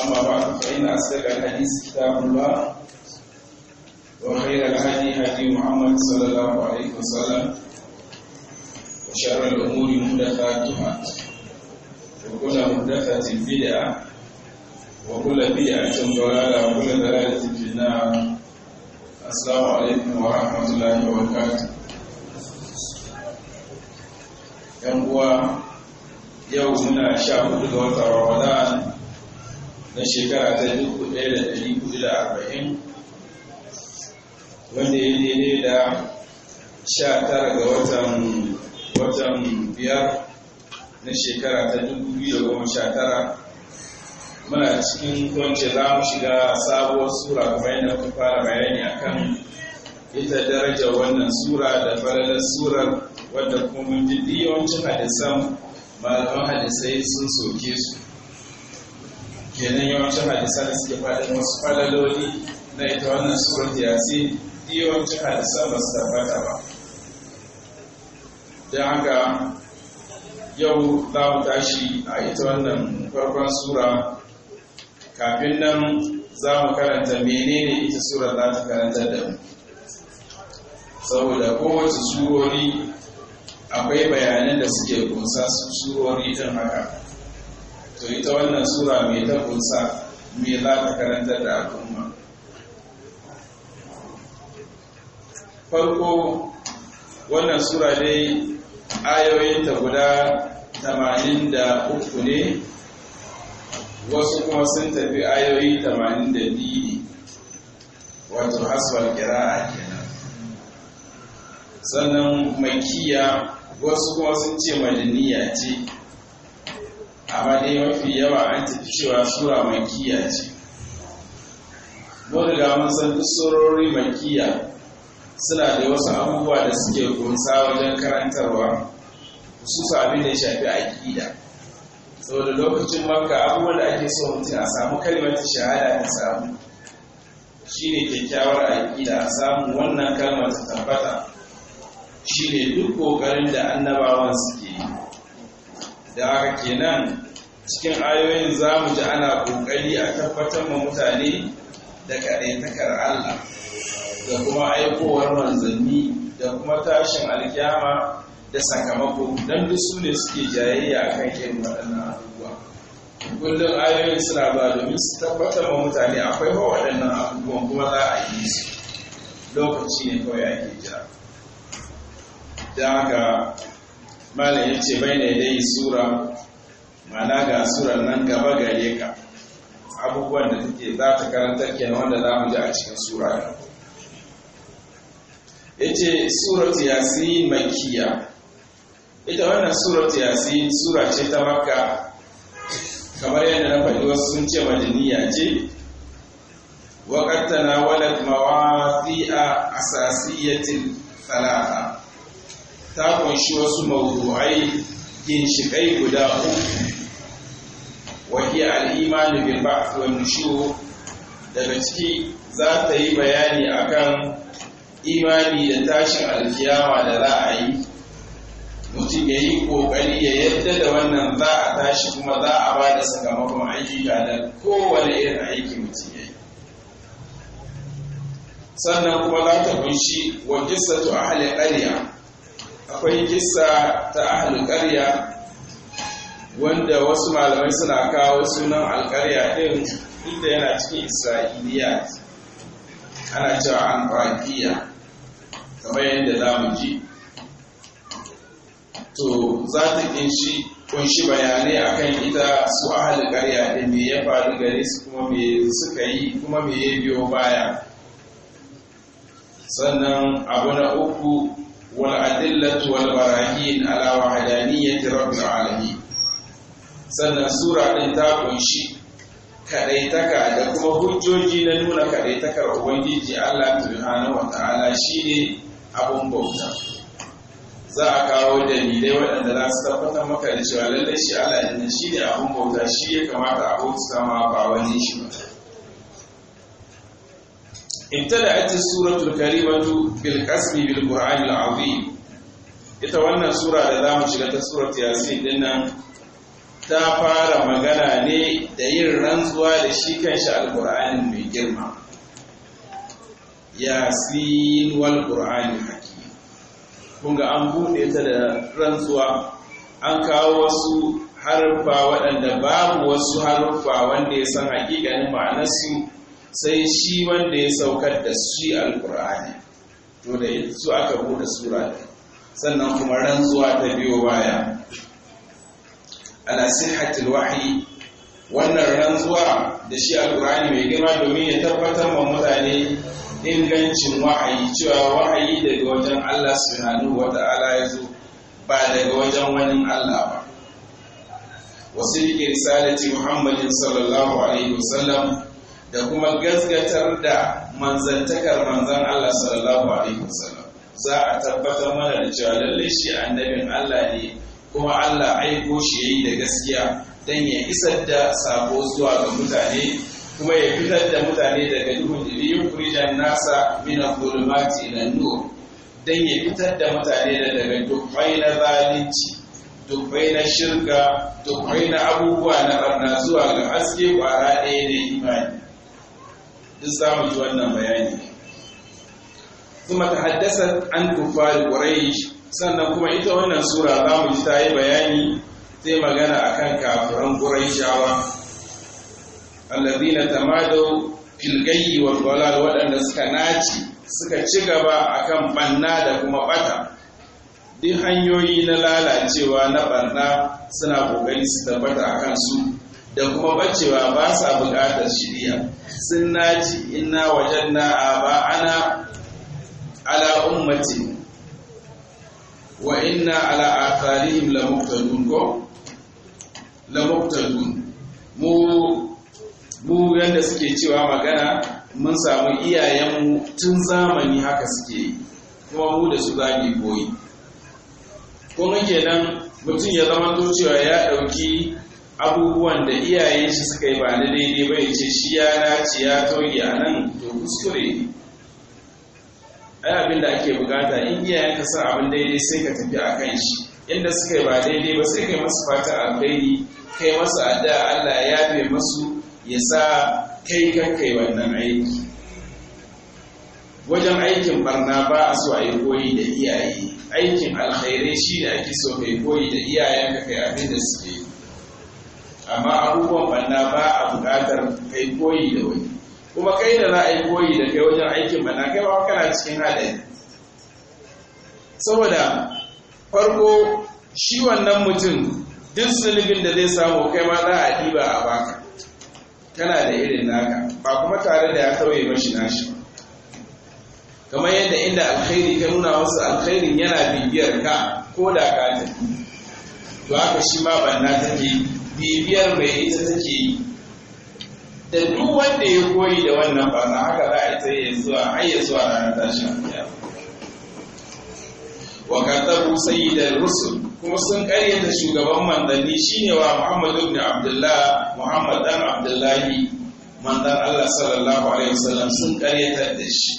أما بعد فإن أصدق الحديث كتاب الله وخير الهدي هدي محمد صلى الله عليه وسلم وشر الأمور محدثاتها وكل محدثة بدعة وكل بدعة ضلالة وكل ضلالة في النار السلام عليكم ورحمة الله وبركاته يوم هو يوم من الشهر رمضان na shekara ta arba'in wanda ya daidai da sha tara ga watan watan biyar na shekara ta tara, muna cikin kwanci za mu shiga sabuwar sura kamar yadda muka fara bayani akan ita daraja wannan sura da falalar surar wadda kuma mun ji yawancin hadisan malaman hadisai sun soke su kenan yawancin hadisan da suke faɗin wasu falaloli na ita wannan surar yasin yawancin hadisan ba su tabbata ba don haka yau za mu tashi a ita wannan farkon sura kafin nan za mu karanta menene ita sura za ta karanta da mu saboda kowace surori akwai bayanan da suke kunsa su surori ɗin haka to ita wannan sura mai ta kunsa me za ta karantar da al'umma farko wannan sura dai ayoyinta guda 83 ne wasu kuma sun tafi ayoyi 82 ne wato haswar a kenan sannan makiya wasu kuma sun ce madaniya ce amma dai mafi yawa an tafi cewa sura makiya ce wadda riga mun san surori makiya suna da wasu abubuwa da suke kunsa wajen karantarwa su abin da ya shafi aƙida saboda lokacin maka abubuwan da ake so mutum a samu kalmar shahada ta samu Shi ne kyakkyawar aƙida a samu wannan kalmar ta tabbata ne duk ƙoƙarin da annabawan suke yi da aka kenan cikin ayoyin za mu ji ana ƙoƙari a tabbatar ma mutane da kaɗaitakar Allah da kuma aikowar manzanni da kuma tashin alkyama da sakamako don duk su ne suke jayayya kan irin waɗannan abubuwa kullum ayoyin suna ba domin su tabbatar ma mutane akwai waɗannan abubuwa kuma za a yi su lokaci ne kawai ake jira don haka malam ya ce bai ne dai sura mana ga sura nan gaba gare ka abubuwan da take za ta karantar kenan wanda za mu ji a cikin sura ya ce surat yasin makiya ita wannan surat yasin sura ce ta maka kamar yadda na faɗi wasu sun ce majiniya ce وقد تناولت a asasiyyatin salata ta kunshi wasu mawdu'ai ginshiƙai guda uku wahiya al'imani bin ba'th wa daga ciki za ta yi bayani akan imani da tashin alkiyama da za a yi mutum ya yi ƙoƙari ya yadda da wannan za a tashi kuma za a ba da sakamakon aiki ga da kowane irin aiki mutum ya yi sannan kuma za ta kunshi wa a halin ƙarya akwai kisa ta ahlul ƙarya wanda wasu malamai suna kawo sunan alƙarya ɗin inda yana cikin isra'iliya ana cewa an ƙwaƙiya kamar yadda za mu ji to za ta ƙunshi bayanai akan ita su ahalin ƙarya da me ya faru gare su kuma me suka yi kuma me ya biyo baya sannan abu na uku والأدلة والبراهين على وحدانية رب العالمين sannan sura ɗin ta kunshi kaɗaitaka da kuma hujjoji na nuna kaɗaitakar ubangiji Allah subhanahu wa ta'ala shine abun bauta za a kawo dalilai waɗanda za su tabbatar maka da cewa lallai shi Allah ne shine abun bauta shi ya kamata a bauta ma ba wani shi ba امتلأت السورة الكريمة بالقسم بالقرآن العظيم ita wannan sura da za mu shiga ta surat yasin din nan ta fara magana ne da yin rantsuwa da shi kanshi alkur'ani mai girma yasin wal qur'ani haki kun ga an buɗe ta da rantsuwa an kawo wasu haruffa waɗanda babu wasu haruffa wanda ya san hakikanin ma'anarsu sai shi wanda ya saukar da shi alkur'ani to da su aka buɗe sura sannan kuma zuwa ta biyo baya ala sihhatil wahyi wannan zuwa, da shi alkur'ani mai girma domin ya tabbatar wa mutane ingancin wahayi cewa wahayi daga wajen Allah subhanahu wata'ala ya zo ba daga wajen wani Allah ba wasu risalati Muhammadin sallallahu alaihi wasallam da kuma gaskatar da manzantakar manzan Allah sallallahu alaihi wasallam za a tabbatar mana da cewa lallai shi annabin Allah ne kuma Allah aiko shi yayi da gaskiya dan ya isar da sako zuwa ga mutane kuma ya fitar da mutane daga duhun diliyin kurijan nasa min al-zulumati ila nur dan ya fitar da mutane da daga dukkai na zalunci dukkai na shirka dukkai na abubuwa na barna zuwa ga haske kwara ɗaya da imani duk za mu ji wannan bayani kuma ta haddasa an kufar sannan kuma ita wannan sura za mu ji ta yi bayani sai magana a kan akan kafiran shawa. alladhina tamadu fil filgayi wa dalal waɗanda suka naci suka ci gaba a kan ɓanna da kuma ɓata, duk hanyoyi na lalacewa na ɓanna suna ƙoƙari su tabbata a kansu da kuma bacewa ba sa buƙatar shirya sun naci inna wajen na ba ana ala ummati wa inna ala atharihim la ko mu mu suke cewa magana mun samu iyayenmu tun zamani haka suke yi kuma mu da su zagi koyi kuma kenan mutum ya zama cewa ya ɗauki abubuwan da iyaye shi suka yi ba na daidai ba ce shi ya dace ya toge a nan to kuskure ne. ai abin da ake bukata in iyayen ka san abin daidai sai ka tafi a kan shi inda suka yi ba daidai ba sai kai masu fata alkhairi kai masu adda Allah ya yafe masu ya sa kai kankai wannan aiki wajen aikin barna ba a so a yi koyi da iyaye aikin alkhairai shi ne ake so kai koyi da iyayenka kai abin da suke yi amma abubuwan banna ba a buƙatar kai koyi da wani kuma kai da za a yi koyi da kai wajen aikin banna kai ba kana cikin haɗari saboda farko shi wannan mutum duk zunubin da zai samu kai ma za a ɗiba a baka kana da irin naka ba kuma tare da ya kauye mashi nashi kamar yadda inda alkhairi ta nuna wasu alkhairin yana bibiyar ka ko da ka tafi to haka shi ma banna take bibiyar mai ita take yi da duk wanda ya koyi da wannan na haka za a yi ya zuwa har ya zuwa ranar tashin kiyama wa sayi da rusul kuma sun karyata shugaban manzanni shine wa Muhammad ibn Abdullah Muhammad dan Abdullahi mandan Allah sallallahu alaihi wasallam sun karyata da shi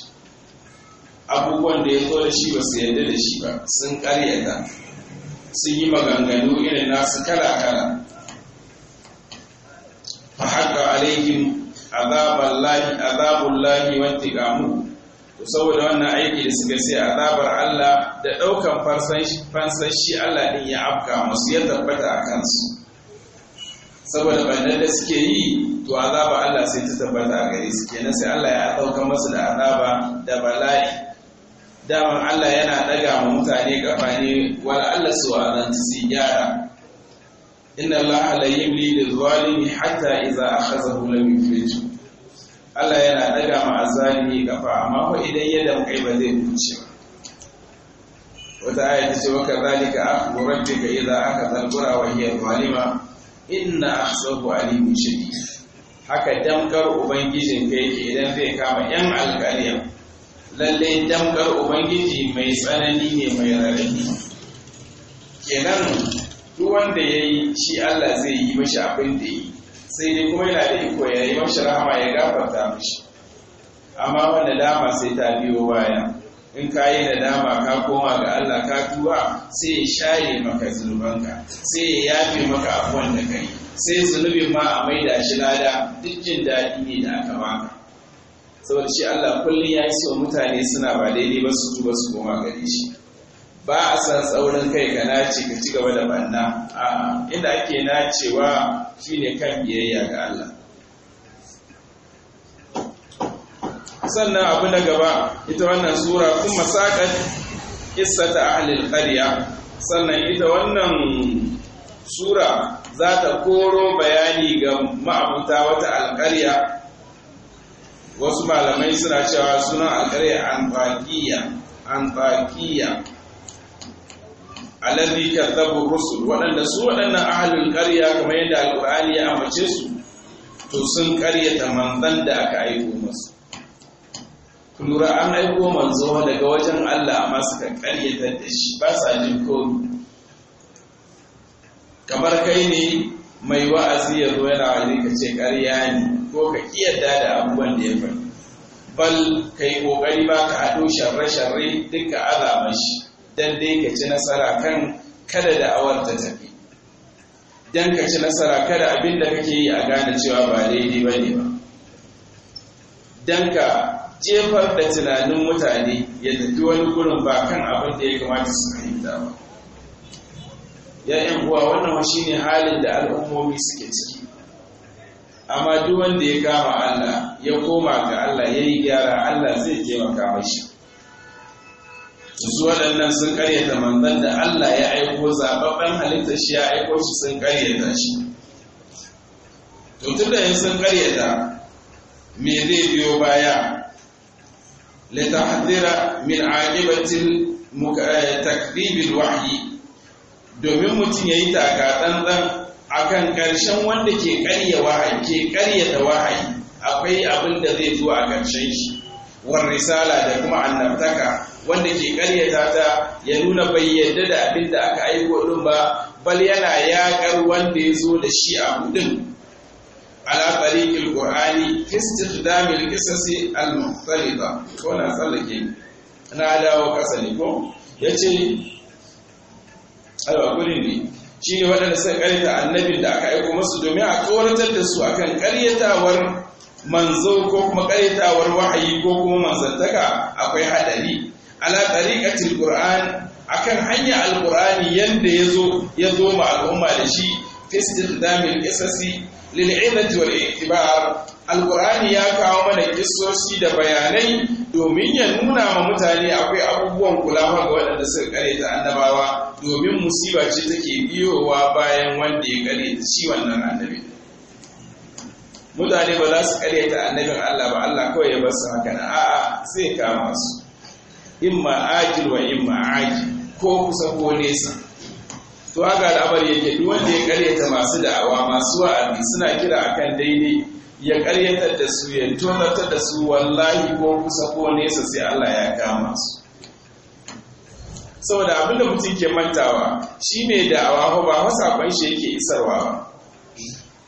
abubuwan da ya zo da shi ba su yarda da shi ba sun karyata sun yi maganganu irin nasu kala-kala فحق عليهم عذاب الله عذاب الله وانتقامه saboda wannan aiki da suka sai azabar Allah da ɗaukan fansan shi Allah ɗin ya afka musu ya tabbata a kansu saboda bannan da suke yi to azabar Allah sai ta tabbata a gare su kenan sai Allah ya ɗauka masu da azaba da bala'i daman Allah yana ɗaga ma mutane gaba ne wal Allah su wa su gyara inna allaha la yumli lil zalimi hatta kasa akhazahu lam yuflithu Allah yana daga ma azalimi kafa amma ko idan ya damkai ba zai fice ba wata aya ta ce wa kadhalika akhu rabbika idza akhadha al-qura wa hiya zalima inna akhzahu alimun shadid haka damkar ubangijin kai ke idan zai kama yan alƙaliya lalle damkar ubangiji mai tsanani ne mai rarrafi kenan duk wanda ya yi shi Allah zai yi mashi abin da yi sai dai kuma yana da iko ya yi mashi rahama ya gafarta mashi amma wanda dama sai ta biyo baya in ka yi da dama ka koma ga Allah ka tuwa? sai ya shaye maka zunubanka sai ya yafe maka abuwan da kai sai zunubin ma a maida shi lada duk jin daɗi ne da aka baka saboda shi Allah kullum ya yi so mutane suna ba daidai ba su tuba su koma gare shi ba a san tsaurin kai ka nace ka ci gaba da banna a inda ake nacewa shine kan biyayya ga Allah sannan abu na gaba ita wannan sura kuma saƙar ƙissata ahlil qarya sannan ita wannan sura za ta koro bayani ga ma'abuta wata alƙarya wasu malamai suna cewa sunan alƙarya an antakiya alladhi kadzabu rusul waɗanda su waɗannan ahlul qarya kamar yadda alqur'ani ya amince su to sun karyata manzan da aka aiko masa lura an aiko manzo daga wajen Allah amma suka karyata da shi ba sa jin komi kamar kai ne mai wa'azi ya zo yana wani ka ce ƙarya ne ko ka kiyarda da abubuwan da ya faru? bal kai kokari ƙoƙari ba ka haɗo sharre-sharre duk ka shi don dai ka ci nasara kan kada da awar ta tafi Dan ka ci nasara kada abin da kake yi a gane cewa ba daidai ba ne ba don ka jefar da tunanin mutane ya tafi wani gurin ba kan abin da ya kamata su fahimta ba ‘ya'yan uwa wannan shi ne halin da al'ummomi suke ciki amma duk wanda ya kama Allah ya koma ga Allah ya yi gyara Allah zai taimaka mashi su waɗannan sun karyata manzan da Allah ya aiko zababben halittar shi ya aiko shi sun karyata shi to da yin sun karyata me zai biyo baya hadira min aqibatil eh, takribin wahyi domin mutum yayi taka a kan ƙarshen wanda ke karya wahayi ke karyata wahayi akwai abin da zai zo a ƙarshen shi war risala da kuma annabtaka wanda ke karyata ta ya nuna bai yadda da abin da aka aiko din ba bal yana yaƙar wanda ya zo da shi a hudun ala tariqil qur'ani istidamil qisasi al mukhtalita ko na tsallake na dawo kasa ne ko yace alwa kullin ne shine waɗanda suka karyata annabin da aka aiko musu domin a tsoratar da su akan karyatawar manzo ko kuma kaitawar wahayi ko kuma manzantaka akwai hadari ala tariqatil qur'an akan hanya alqur'ani yanda yazo yazo ma al'umma da shi fistidamil damin lil ibadi wal i'tibar alqur'ani ya kawo mana kissoshi da bayanai domin ya nuna ma mutane akwai abubuwan kulawa ga waɗanda suka kare ta annabawa domin musiba ce take biyowa bayan wanda ya kare shi wannan annabi mutane ba za su karyata annabin Allah ba Allah kawai ya basu haka na a'a sai kama su In ajil wa in aji ko kusa ko nesa to haka al'amari yake duk wanda ya karyata masu da'awa masu wa'azi suna kira akan daidai ya karyatar da su ya tonartar da su wallahi ko kusa ko nesa sai Allah ya kama su saboda da abinda mutum ke mantawa shi shine da'awa ba wasa ban shi yake isarwa ba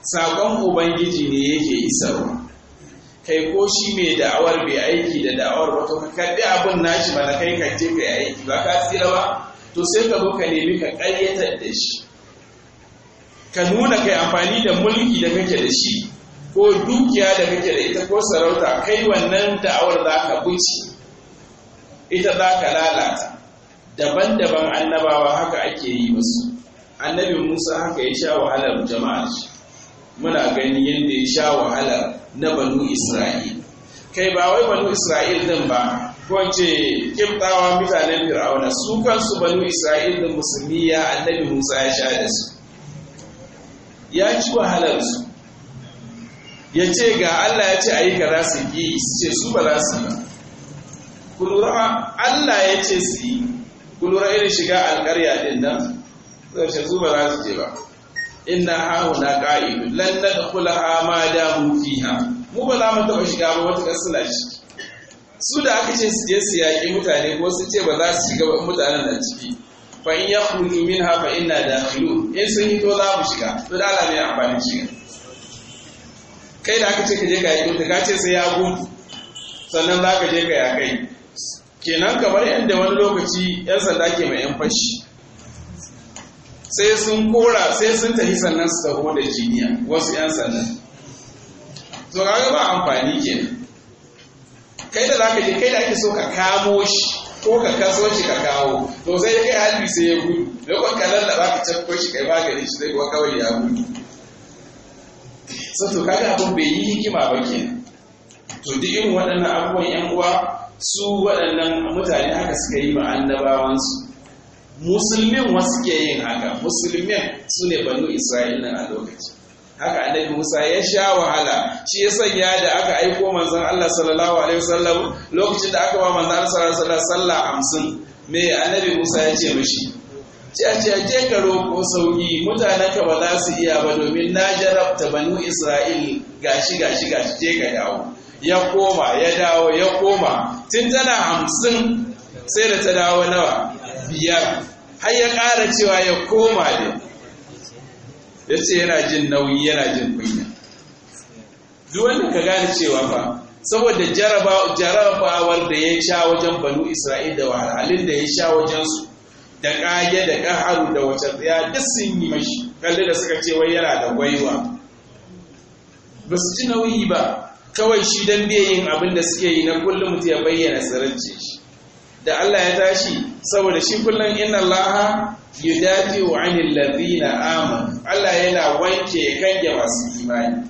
sakon ubangiji ne yake isarwa kai ko shi mai da'awar bai aiki da da'awar ba to ka abin nashi ba na kai ka je kai aiki ba ka tsira ba to sai ka zo ka nemi ka ƙayyatar da shi ka nuna kai amfani da mulki da kake da shi ko dukiya da kake da ita ko sarauta kai wannan da'awar za ka buci ita za ka lalata daban-daban annabawa haka ake yi musu annabin musa haka ya sha wahalar jama'a shi muna gani yadda ya sha wahala na banu isra'il kai ba wai banu isra'il din ba ko ce kimtawa mutanen fir'auna su kansu banu isra'il din musulmi ya annabi musa ya sha da su ya ci wahalar su ya ce ga allah ya ce a yi ga su yi su ce su ba za su ba ku lura allah ya ce su yi ku lura irin shiga alƙarya din nan su ba za su je ba inna hauna qa'idun lan nadkhulaha ma damu fiha mu ba za mu taba shiga ba wata kasala shi su da aka ce su je su yaƙi mutane ko su ce ba za su shiga mutanen da ciki fa in yakhruju minha fa inna dakhilu in sun hito za mu shiga to da Allah ne amfani shi kai da aka ce ka je ka yaƙi ka ce sai ya gudu sannan za ka je ka yaƙai kenan kamar yadda wani lokaci 'yan sanda ke mai 'yan fashi sai sun kora sai sun tafi sannan su taho da jiniya wasu 'yan sannan to kaga ba amfani kenan kai da zaka je kai da ake so ka kamo shi ko ka kaso shi ka kawo to sai ya kai halbi sai ya gudu da kuma ka lallaba ka cakko shi kai magani shi zai kuwa kawai ya gudu Sato to kaga abin bai yi hikima ba kenan to duk irin waɗannan abubuwan 'yan uwa su waɗannan mutane haka suka yi ma annabawansu musulmin wasu ke yin haka musulmin su ne banu isra'ila a lokaci haka annabi musa ya sha wahala shi ya sanya da aka aiko manzon allah sallallahu alaihi wasallam lokacin da aka ba manzon allah sallallahu alaihi wasallam sallah hamsin me annabi musa ya ce mishi ce ka roƙo sauƙi mutanen ka ba za su iya ba domin na jarabta banu isra'il gashi gashi gashi je ka dawo ya koma ya dawo ya koma tun tana hamsin sai da ta dawo nawa biyar har ya ƙara cewa ya koma da ya ce yana jin nauyi yana jin kunya duk wanda ka gane cewa ba saboda jarabawar da ya sha wajen banu isra'il da wahalhalun da ya sha wajensu da ƙage da ƙaharu da wace tsaya duk sun yi mashi kalli da suka ce wai yana da gwaiwa ba su ci nauyi ba kawai shi don biyayin yin abin da suke yi na kullum ta ya bayyana tsirance shi da Allah ya tashi saboda shi kullum inna yi dafi wa anil na amanu Allah yana wanke ya kange masu imani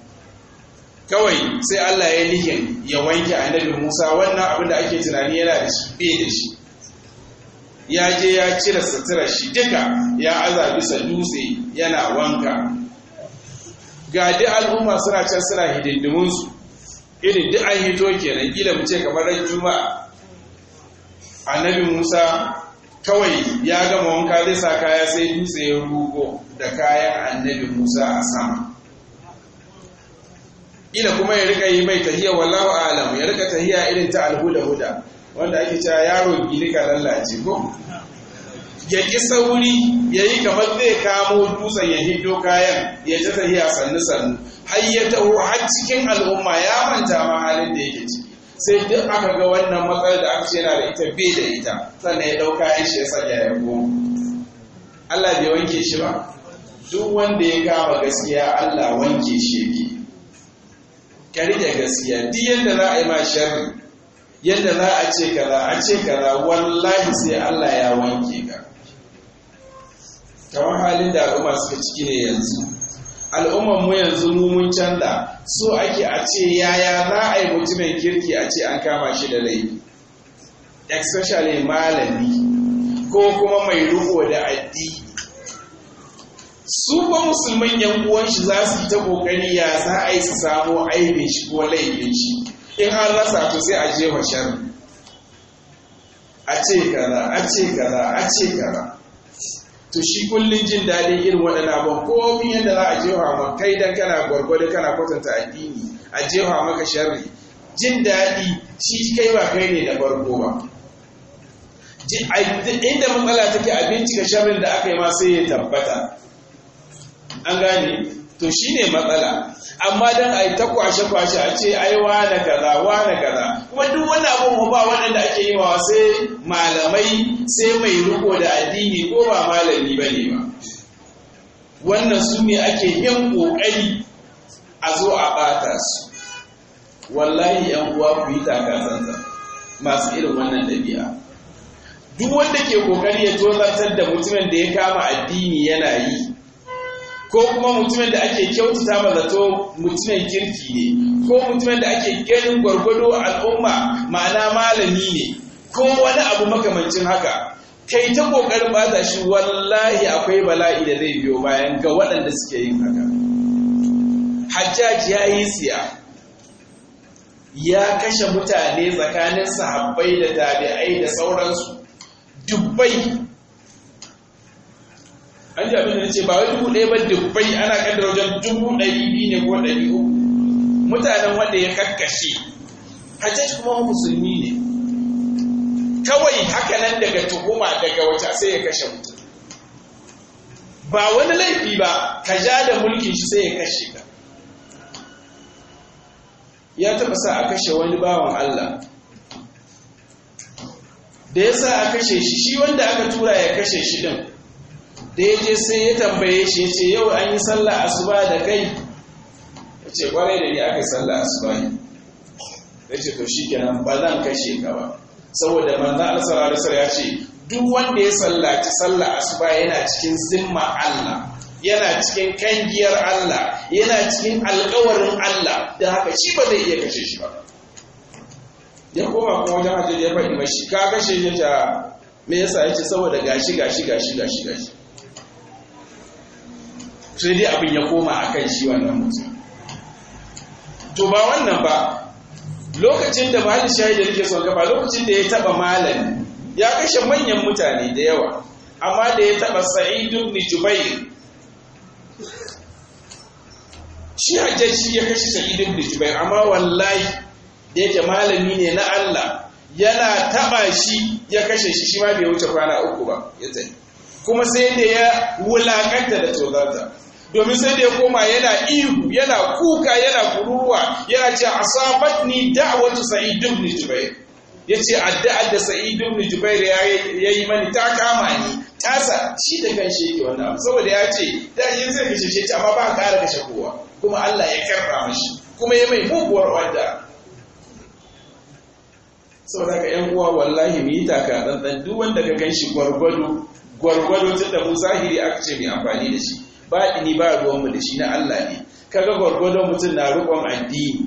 kawai sai Allah ya nihin ya wanke a annabi Musa wannan abin da ake tunani yana da shi bai da shi ya je ya cire suturar shi duka ya aza bisa dutse yana wanka ga duk al'umma suna can suna hidindimunsu irin duk an hito kenan gila mu ce kamar ran juma'a annabi musa kawai ya gama wanka zai sa kaya sai dutse ya rugo da kayan annabi musa a sama ila kuma ya rika yi mai tahiya wallahu alam ya rika tahiya irin ta alhuda huda wanda ake cewa yaro gini ka lallace ko ya ki sauri ya yi kamar zai kamo dutsen ya hiddo kayan ya ta tahiya sannu sannu har ya taho har cikin al'umma ya manta ma halin da yake ciki sai duk aka ga wannan matsalar da aka ce yana da ita bai da ita sannan ya ɗauka ya shi ya sanya ya Allah bai wanke shi ba duk wanda ya kama gaskiya Allah wanke shi yake ka da gaskiya duk yadda za a yi ma sharri yadda za a ce kaza a ce kaza wallahi sai Allah ya wanke ka kamar halin da al'umma suka ciki ne yanzu al'ummar mu yanzu mu mun canza so ake a ce yaya za a yi mutumin kirki a ce an kama shi da laifi especially malami ko kuma mai riko da addini su ba musulman yan shi za su yi ta kokari ya za a yi su samo aibin shi ko laifin shi in har rasa to sai a wa sharri a ce kaza a ce kaza a ce kaza to shi kullun jin daɗin irin waɗanda ba komi yadda za a jefa ma kai dan kana gwargwado kana kwatanta addini a jefa maka sharri jin daɗi shi kai ba kai ne da farko ba inda matsala take abinci ga sharrin da aka yi ma sai ya tabbata an gane to ne matsala amma dan yi ta kwashe kwashe a ce ai wane kaza na kaza kuma duk wani abun ba waɗanda ake yi wa sai malamai sai mai riko da addini ko ba malami ba ne ba wannan su ne ake yin ƙoƙari a zo a bata su wallahi yan uwa ku yi takazanza masu irin wannan ɗabi'a duk wanda ke ƙoƙari ya tozartar da mutumin da ya kama addini yana yi ko kuma mutumin da ake kyautata ba zato mutumin kirki ne ko mutumin da ake ganin gwargwado a al'umma ma'ana malami ne ko wani abu makamancin haka kai ta kokarin ta shi wallahi akwai bala'i da zai biyo bayan ga waɗanda suke yin haka Hajjaji ya yi siya ya kashe mutane tsakanin sahabbai da tabi'ai da sauransu dubbai an ji abinda ce ba wai dubu ɗaya ba dubbai ana kaddara wajen dubu ɗari biyu ne ko ɗari uku mutanen wanda ya kakkashe hajjaj kuma musulmi ne kawai haka nan daga tuhuma daga wata sai ya kashe mutum ba wani laifi ba ka ja da mulkin shi sai ya kashe ka ya taɓa sa a kashe wani bawan Allah da ya sa a kashe shi shi wanda aka tura ya kashe shi din da ya je sai ya tambaye shi ce yau an yi sallah asuba da kai ya ce kwarai da ni aka yi sallah asuba ne da ce to shi kenan ba zan kashe ka ba saboda manzan alasar alasar ya ce duk wanda ya sallaci sallah asuba yana cikin zimma Allah yana cikin kangiyar Allah yana cikin alkawarin Allah da haka shi ba zai iya kashe shi ba ya koma kuma wajen da ya faɗi mashi ka kashe shi ta me yasa ce saboda gashi gashi gashi gashi gashi sai dai abin ya koma a kan shi wannan mutum to ba wannan ba lokacin da mahalin shayi da nake son gaba lokacin da ya taba malami ya kashe manyan mutane da yawa amma da ya taba sa'id ibn jubair shi hajjaji ya kashe sa'id ibn jubair amma wallahi da yake malami ne na Allah yana taba shi ya kashe shi shi ma bai wuce kwana uku ba ya tsaye kuma sai da ya wulakanta da tozarta domin sai da ya koma yana ihu yana kuka yana kururuwa yana ce asabatni da'watu sa'id ibn jubair yace addu'ar da sa'id ibn jubair yi mani ta kama ni tasa shi da kan shi wannan abu saboda ya ce da yin zai kashe shi amma ba ƙara kashe kowa kuma Allah ya karba mashi kuma ya mai muguwar wadda saboda ka yan uwa wallahi mu yi taka dan duk wanda ka gan shi gwargwado gwargwado tunda mu zahiri aka ce mai amfani da shi Ba baɗini ba ruwanmu da shi na Allah ne kaga gwargwado mutum na rukon addini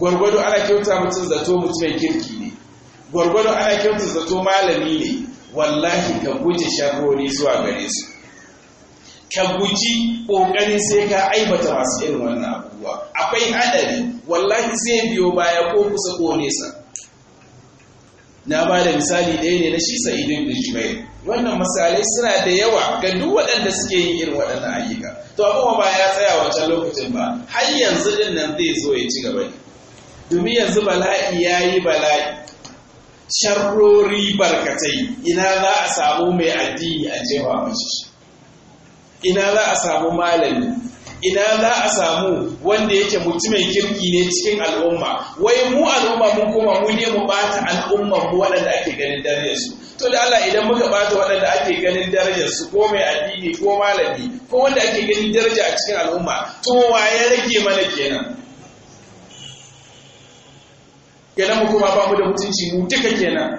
gwargwado ana kyauta mutum zato mutumin kirki ne gwargwado ana kyauta zato malami ne wallahi ka guji sharrori zuwa gare su ka guji ƙoƙarin sai ka aibata masu irin wannan abubuwa akwai haɗari wallahi sai biyo baya ko kusa ko nesa na ba da misali ɗaya ne na shi sa'idin da jubair wannan misalai suna da yawa ga duk waɗanda suke yin irin waɗannan ayyuka to abubuwa ba ya tsaya wancan lokacin ba har yanzu din nan zai zo ya ci gaba domin yanzu bala'i ya yi bala'i sharrori barkatai ina za a samu mai addini a jefa mashi ina za a samu malami ina za a samu wanda yake mutumin kirki ne cikin al'umma wai mu al'umma mun koma mu ne mu bata al'umman mu waɗanda ake ganin darajar su to da Allah idan muka bata waɗanda ake ganin darajar su ko mai addini ko malami ko wanda ake ganin daraja a cikin al'umma to wa ya rage mana kenan kenan mu kuma ba mu da mutunci mu duka kenan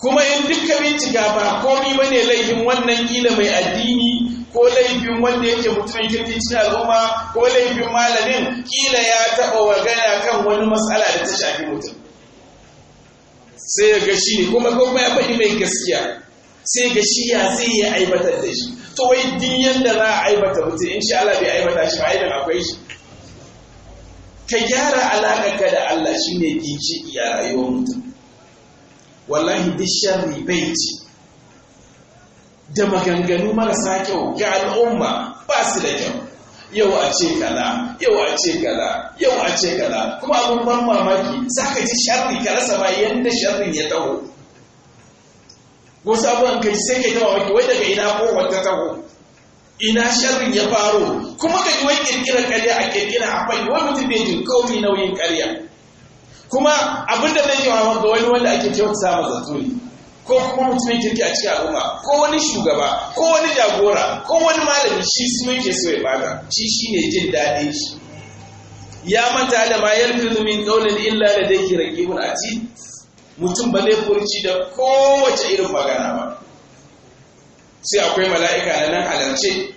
kuma in duka bincika ba komi bane laifin wannan kila mai addini ko laifin wanda yake mutumin kirki cikin al'umma ko laifin malamin kila ya taɓa magana kan wani matsala da ta shafi mutum sai ya ga shi ne kuma kuma ya faɗi mai gaskiya sai ga shi ya zai yi aibatar da shi to wai din yadda za a aibata mutum in Allah bai aibata shi ba aibin akwai shi ka gyara alaƙarka da Allah shi ne ginshiki a rayuwar mutum wallahi duk sharri bai ci da maganganu marasa kyau ga al'umma ba su da kyau yau a ce kaza yau a ce kaza yau a ce kaza kuma abin ban mamaki za ka ji sharri ka rasa ba yadda sharrin ya taho wasu abubuwan kai sai ka yi mamaki wai daga ina ko wata taho ina sharrin ya faro kuma ka yi wai kirkirar karya a kirkira a fai wani mutum bai jin nauyin karya kuma abin da zai yi ga wani wanda ake kyautata masa zato ne ko kuma mutumin kirki a cikin al'umma ko wani shugaba ko wani jagora ko wani malami shi su yake so ya baka shi ne jin daɗin shi ya manta da ma yalfizu zumin qawlin illa ladayhi a ci mutum ba laifurci da kowace irin magana ba sai akwai mala'ika na nan halarce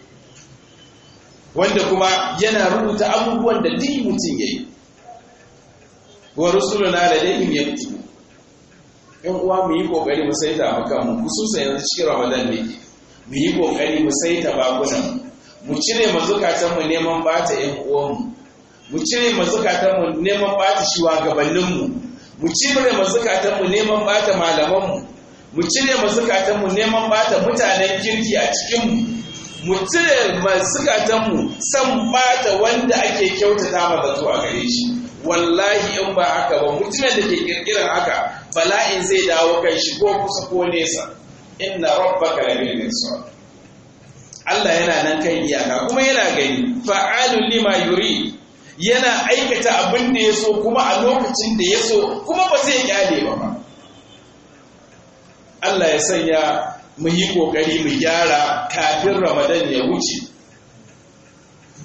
wanda kuma yana rubuta abubuwan da duk mutum ya yi wa rusuluna ladayhim yaktubu yan uwa mu yi kokari mu saita mu kanmu kususan yanzu cikin ramadan ne mu yi kokari mu saita bakunan mu cire mazukatan mu neman bata yan uwanmu mu cire mazukatan mu neman bata shugabannin mu mu cire mazukatan mu neman bata malaman mu mu cire mazukatan mu neman bata mutanen kirki a cikin mu mu cire mazukatan mu san bata wanda ake kyautata ma zato a gare shi wallahi in ba haka ba mutumin da ke kirkiran haka bala'in zai dawo kan shi ko kusa ko nesa inna rabbaka labil mirsad Allah yana nan kan iyaka kuma yana gani fa'alun lima yuri yana aikata abin da ya so kuma a lokacin da ya so kuma ba zai kyale ba ba Allah ya sanya mu yi kokari mu gyara kafin Ramadan ya wuce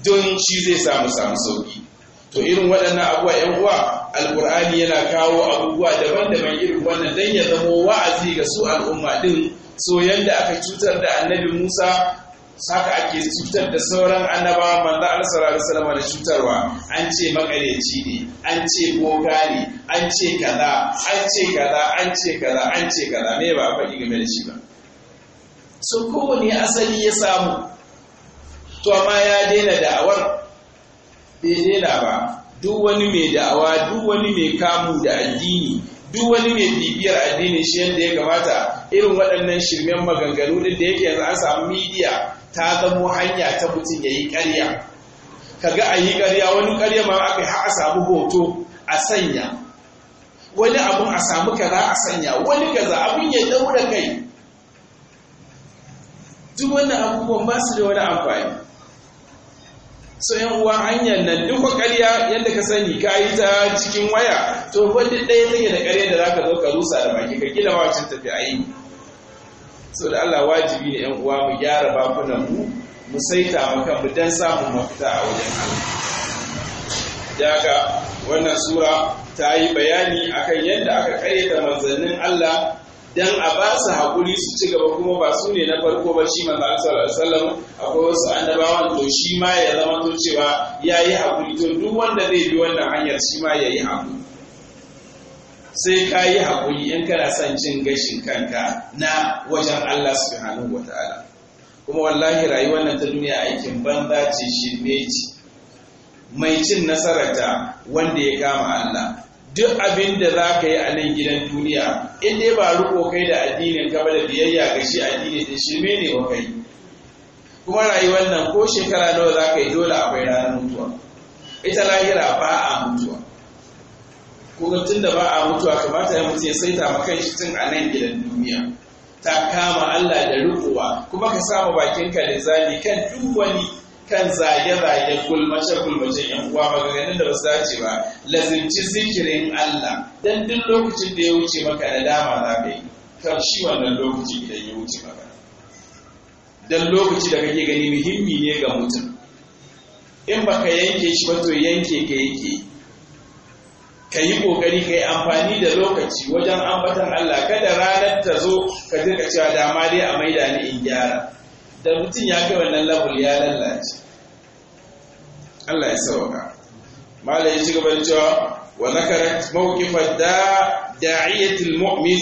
don shi zai samu samu sauki to irin waɗannan abuwa ‘yan uwa alƙur'ani yana kawo abubuwa daban-daban irin wannan don ya zamo wa'azi ga su al'umma ɗin so yadda aka cutar da annabi musa haka ake cutar da sauran annaba manzo Allah sallallahu da cutarwa an ce makareci ne an ce boka ne an ce kaza an ce kaza an ce kaza an ce kaza me ba faɗi game da shi ba so kowane asali ya samu to ya daina da'awar bai daina ba duk wani mai da'awa duk wani mai kamu da addini duk wani mai bibiyar addini shi yadda ya kamata irin waɗannan shirmen maganganu da yake yanzu an samu midiya ta zamo hanya ta mutum ya yi ƙarya ga a yi ƙarya wani ƙarya ma aka yi a samu hoto a sanya wani abun a samu kaza a sanya wani kaza abin ya daura kai duk wannan abubuwan ba su da wani amfani so yan uwa hanyar nan duk ƙarya yadda ka sani ka yi ta cikin waya to fa ɗaya take da ƙarya da zaka zo ka rusa da baki ka kila wacin tafi a yi so da Allah wajibi ne yan uwa mu gyara bakunan mu mu saita mu mu dan samun mafita a wajen Allah daga wannan sura ta yi bayani akan yadda aka ƙaryata manzannin Allah dan a ba su haƙuri su ci gaba kuma ba su ne na farko ba shi manzo sallallahu alaihi wasallam akwai wasu annabawa to shi ma ya zama to cewa yayi haƙuri to duk wanda zai bi wannan hanyar shi ma yayi haƙuri sai ka yi haƙuri in kana son cin gashin kanka na wajen Allah subhanahu wataala kuma wallahi rayuwar nan ta duniya aikin banza ce shirme mai cin nasarar ta wanda ya kama Allah duk abin da za ka yi a nan gidan duniya in dai ba ruko kai da addinin ka ba da biyayya ga shi addini da shirme ne wa kai kuma rayuwar nan ko shekara nawa za ka yi dole akwai ranar mutuwa ita lahira ba a mutuwa kuma tun da ba a mutuwa kamata ya mutu ya saita ma kanshi shi tun a nan gidan duniya ta kama Allah da rukuwa kuma ka samu bakinka da zani kan duk wani kan zage-zage gulmace kulmace yan uwa ganin da ba su dace ba lazimci zikirin Allah dan duk lokacin da ya wuce maka da dama za ka yi kan shi wannan lokaci idan ya wuce maka dan lokaci da kake gani muhimmi ne ga mutum in ba ka yanke shi ba to yanke ka yake ka yi ƙoƙari ka yi amfani da lokaci wajen ambatan Allah kada ranar ta zo ka dinka cewa dama dai a maida ni in gyara da mutum ya kai wannan labul ya lallace Allah ya sauka mallai ya ci gaba da cewa wa nakarat mawqifat da da'iyatul mu'min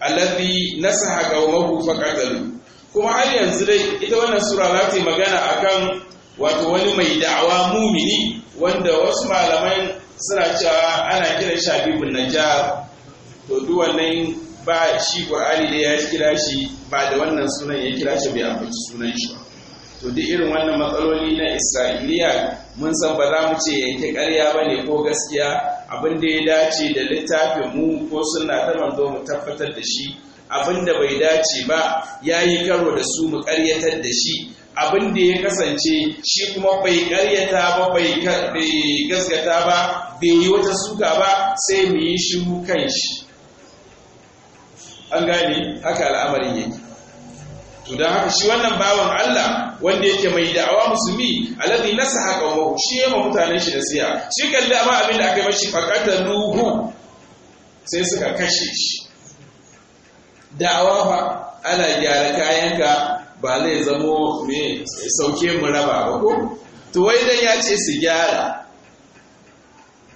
alladhi nasaha qaumahu faqatalu kuma har yanzu dai ita wannan sura za ta yi magana akan wato wani mai da'awa mumini wanda wasu malaman suna cewa ana kiran shabibun najjar to duk wannan ba shi ƙur'ani da ya kira shi ba da wannan sunan ya kira shi bai ambaci sunan shi to duk irin wannan matsaloli na isra'iliya mun san ba za mu ce yanke ƙarya ba ne ko gaskiya abin da ya dace da littafin mu ko suna ta manzo mu tabbatar da shi abin da bai dace ba ya yi karo da su mu ƙaryatar da shi abin da ya kasance shi kuma bai karyata ba bai gaskata ba bai yi wata suka ba sai mu yi shi kan shi an gane haka al'amarin yake to dan haka shi wannan bawan Allah wanda yake mai da'awa musulmi alladhi nasaha qawmahu shi ya mutanen shi nasiha shi kalli amma abin da aka mashi fakata ruhu sai suka kashe shi da'awa fa ana gyara kayanka ba zai zamo me sauke mu raba ba ko to wai dan ya ce su gyara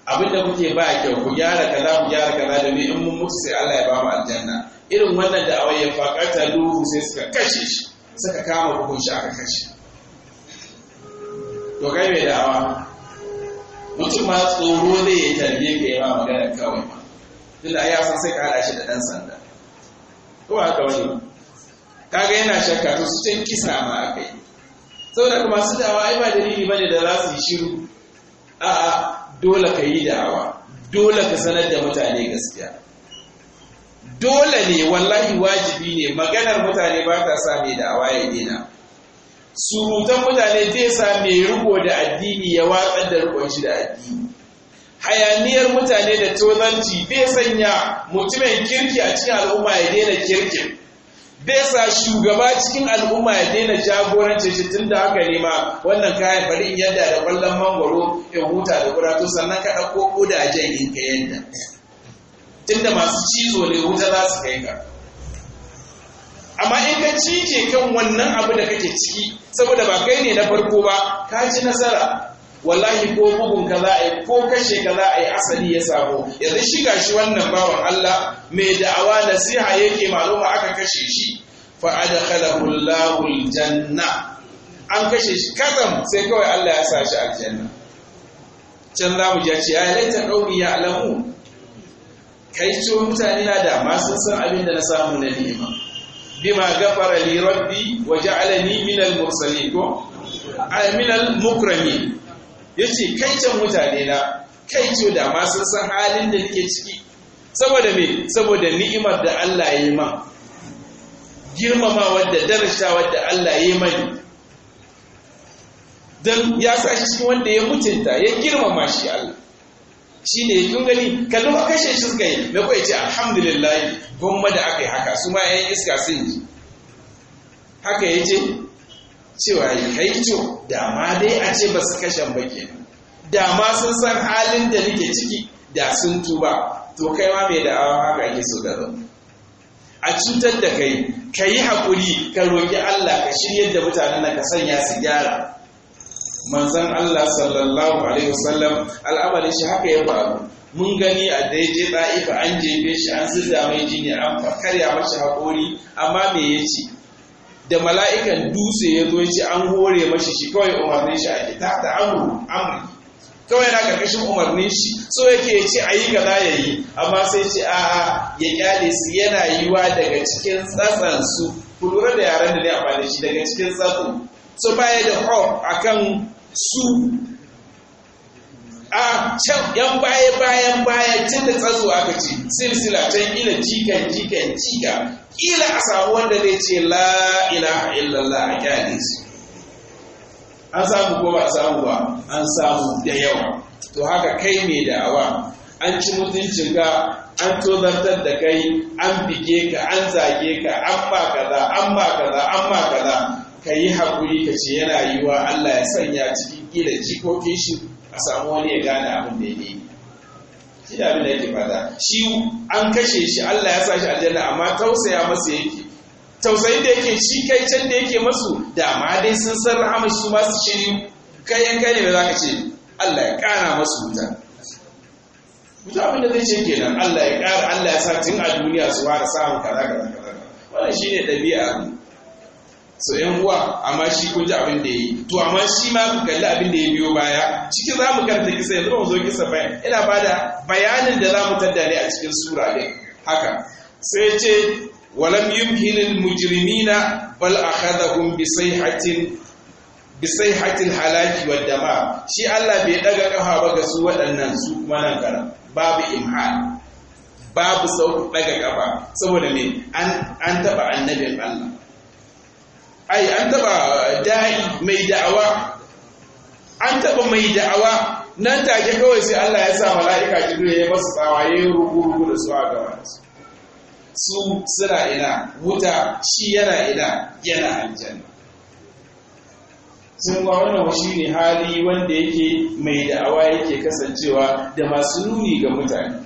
abinda kuke ba kyau ku gyara kaza ku gyara kaza da in mun mutu sai Allah ya ba mu aljanna irin wannan da awai ya fakata duhu sai suka kashe shi suka kama bugun shi aka kashe to kai mai dawa mutum ma tsoro zai yi tarbiyyar ka yi ma magana kawai ma tunda ya san sai ka haɗa shi da ɗan sanda ko haka wani kaga yana shakka to su can kisa ma aka yi saboda kuma su dawa ai ba dalili bane da za su yi shiru a'a dole ka yi da'awa dole ka sanar da mutane gaskiya dole ne wallahi wajibi ne maganar mutane ba ta sa mai da'awa ya surutan mutane zai sa mai rubo da addini ya watsar da rikon shi da addini hayaniyar mutane da tozanci zai sanya mutumin kirki a cikin al'umma ya daina kirki zai sa shugaba cikin al'umma ya daina jagoranci shi da haka ne ma wannan kayan bari in yadda da kwallon mangwaro in huta da kuratu sannan ka ɗauko ƙudajen in ka yadda tunda masu cizo ne wuta za su kai ka amma in ka cije kan wannan abu da kake ciki saboda ba kai ne na farko ba ka ci nasara wallahi ko bugun ka za a yi ko kashe ka za a yi asali ya samu yanzu shi ga shi wannan bawan Allah mai da'awa nasiha yake maluma aka kashe shi fa adkhalahu Allahu aljanna an kashe shi kazam sai kawai Allah ya sa shi aljanna can za mu ji ya laita ya alamu kai wa mutane na da ma sun san abin da na samu na ni'ima bima gafara li rabbi wa ja'alani min al-mursalin ko min al-mukramin yace kai can mutane na kai ce da ma sun san halin da nake ciki saboda me saboda ni'imar da Allah ya yi ma girmama wanda darasha wanda Allah ya yi mani dan ya sa shi cikin wanda ya mutunta ya girmama shi Allah shi ne kun gani kallon a kashe shi suka yi na kuwa ce alhamdulillah gwamma da aka yi haka su ma yan iska sun yi haka ya ce cewa yi haito da ma dai a ce ba su kashe ba ke da ma sun san halin da nake ciki da sun tuba to kai ma mai da'awa haka ake so da zan a cutar da kai ka yi haƙuri ka roƙi Allah ka shirya da mutanen ka sanya su gyara manzan Allah sallallahu alaihi wasallam shi haka ya faru mun gani a daidai ɗa'ifa an jefe shi an zirga mai jini an karya mashi haƙori amma me ya ce da mala'ikan dutse ya zo ce an hore mashi shi kawai umarnin shi a ta ta Amur. kawai na ƙarƙashin umarnin shi so yake ya ce a yi gaza ya yi amma sai ce a ya kyale su yana yiwa daga cikin tsatsansu ku lura da yaren da ne a shi daga cikin tsatsu so baya da hope akan su a can yan baya bayan baya can da tsazo aka ce silsila can ila jikan jikan jika ila a samu wanda zai ce la ilaha illallah a kyale su an samu ko samu ba an samu da yawa to haka kai mai da'awa an ci mutuncin ka an tozartar da kai an bige ka an zage ka an ba kaza an ba kaza an ba kaza ka yi haƙuri ka ce yana wa Allah ya sanya cikin ƙila jikokin shi a samu wani ya gane abin da ya yi shi da abin da yake fata shi an kashe shi Allah ya sa shi aljanna amma tausaya masa yake tausayin da yake shi kai can da yake masu da ma dai sun san rahama su masu shiri kai yan kai ne da ka ce Allah ya ƙara masu wuta wuta abin da zai ce kenan Allah ya ƙara Allah ya sa tun a duniya su fara samun kaza kaza kaza wannan ne ɗabi'a su yan uwa amma shi kun ji abin da yi to amma shi ma ku kalli abin da ya biyo baya Cikin za mu karanta kisa yanzu ba mu zo kisa bayan ina ba da bayanin da za mu tattare a cikin sura din haka sai ce walam yumkin al mujrimina bal akhadhum bi sayhatin bi sayhatil halaki wad dama shi Allah bai daga kafa ba ga su waɗannan su kuma nan kara babu imhan babu sauƙi daga kafa saboda me an an taba annabin Allah ai an taba da'i mai da'awa an taba mai da'awa nan take kawai sai Allah ya sa mala'ika jibril ya masu tsawaye rugu da su a gaban su su suna ina wuta shi yana ina yana aljanna sun ga wannan shi ne hali wanda yake mai da'awa yake kasancewa da masu nuni ga mutane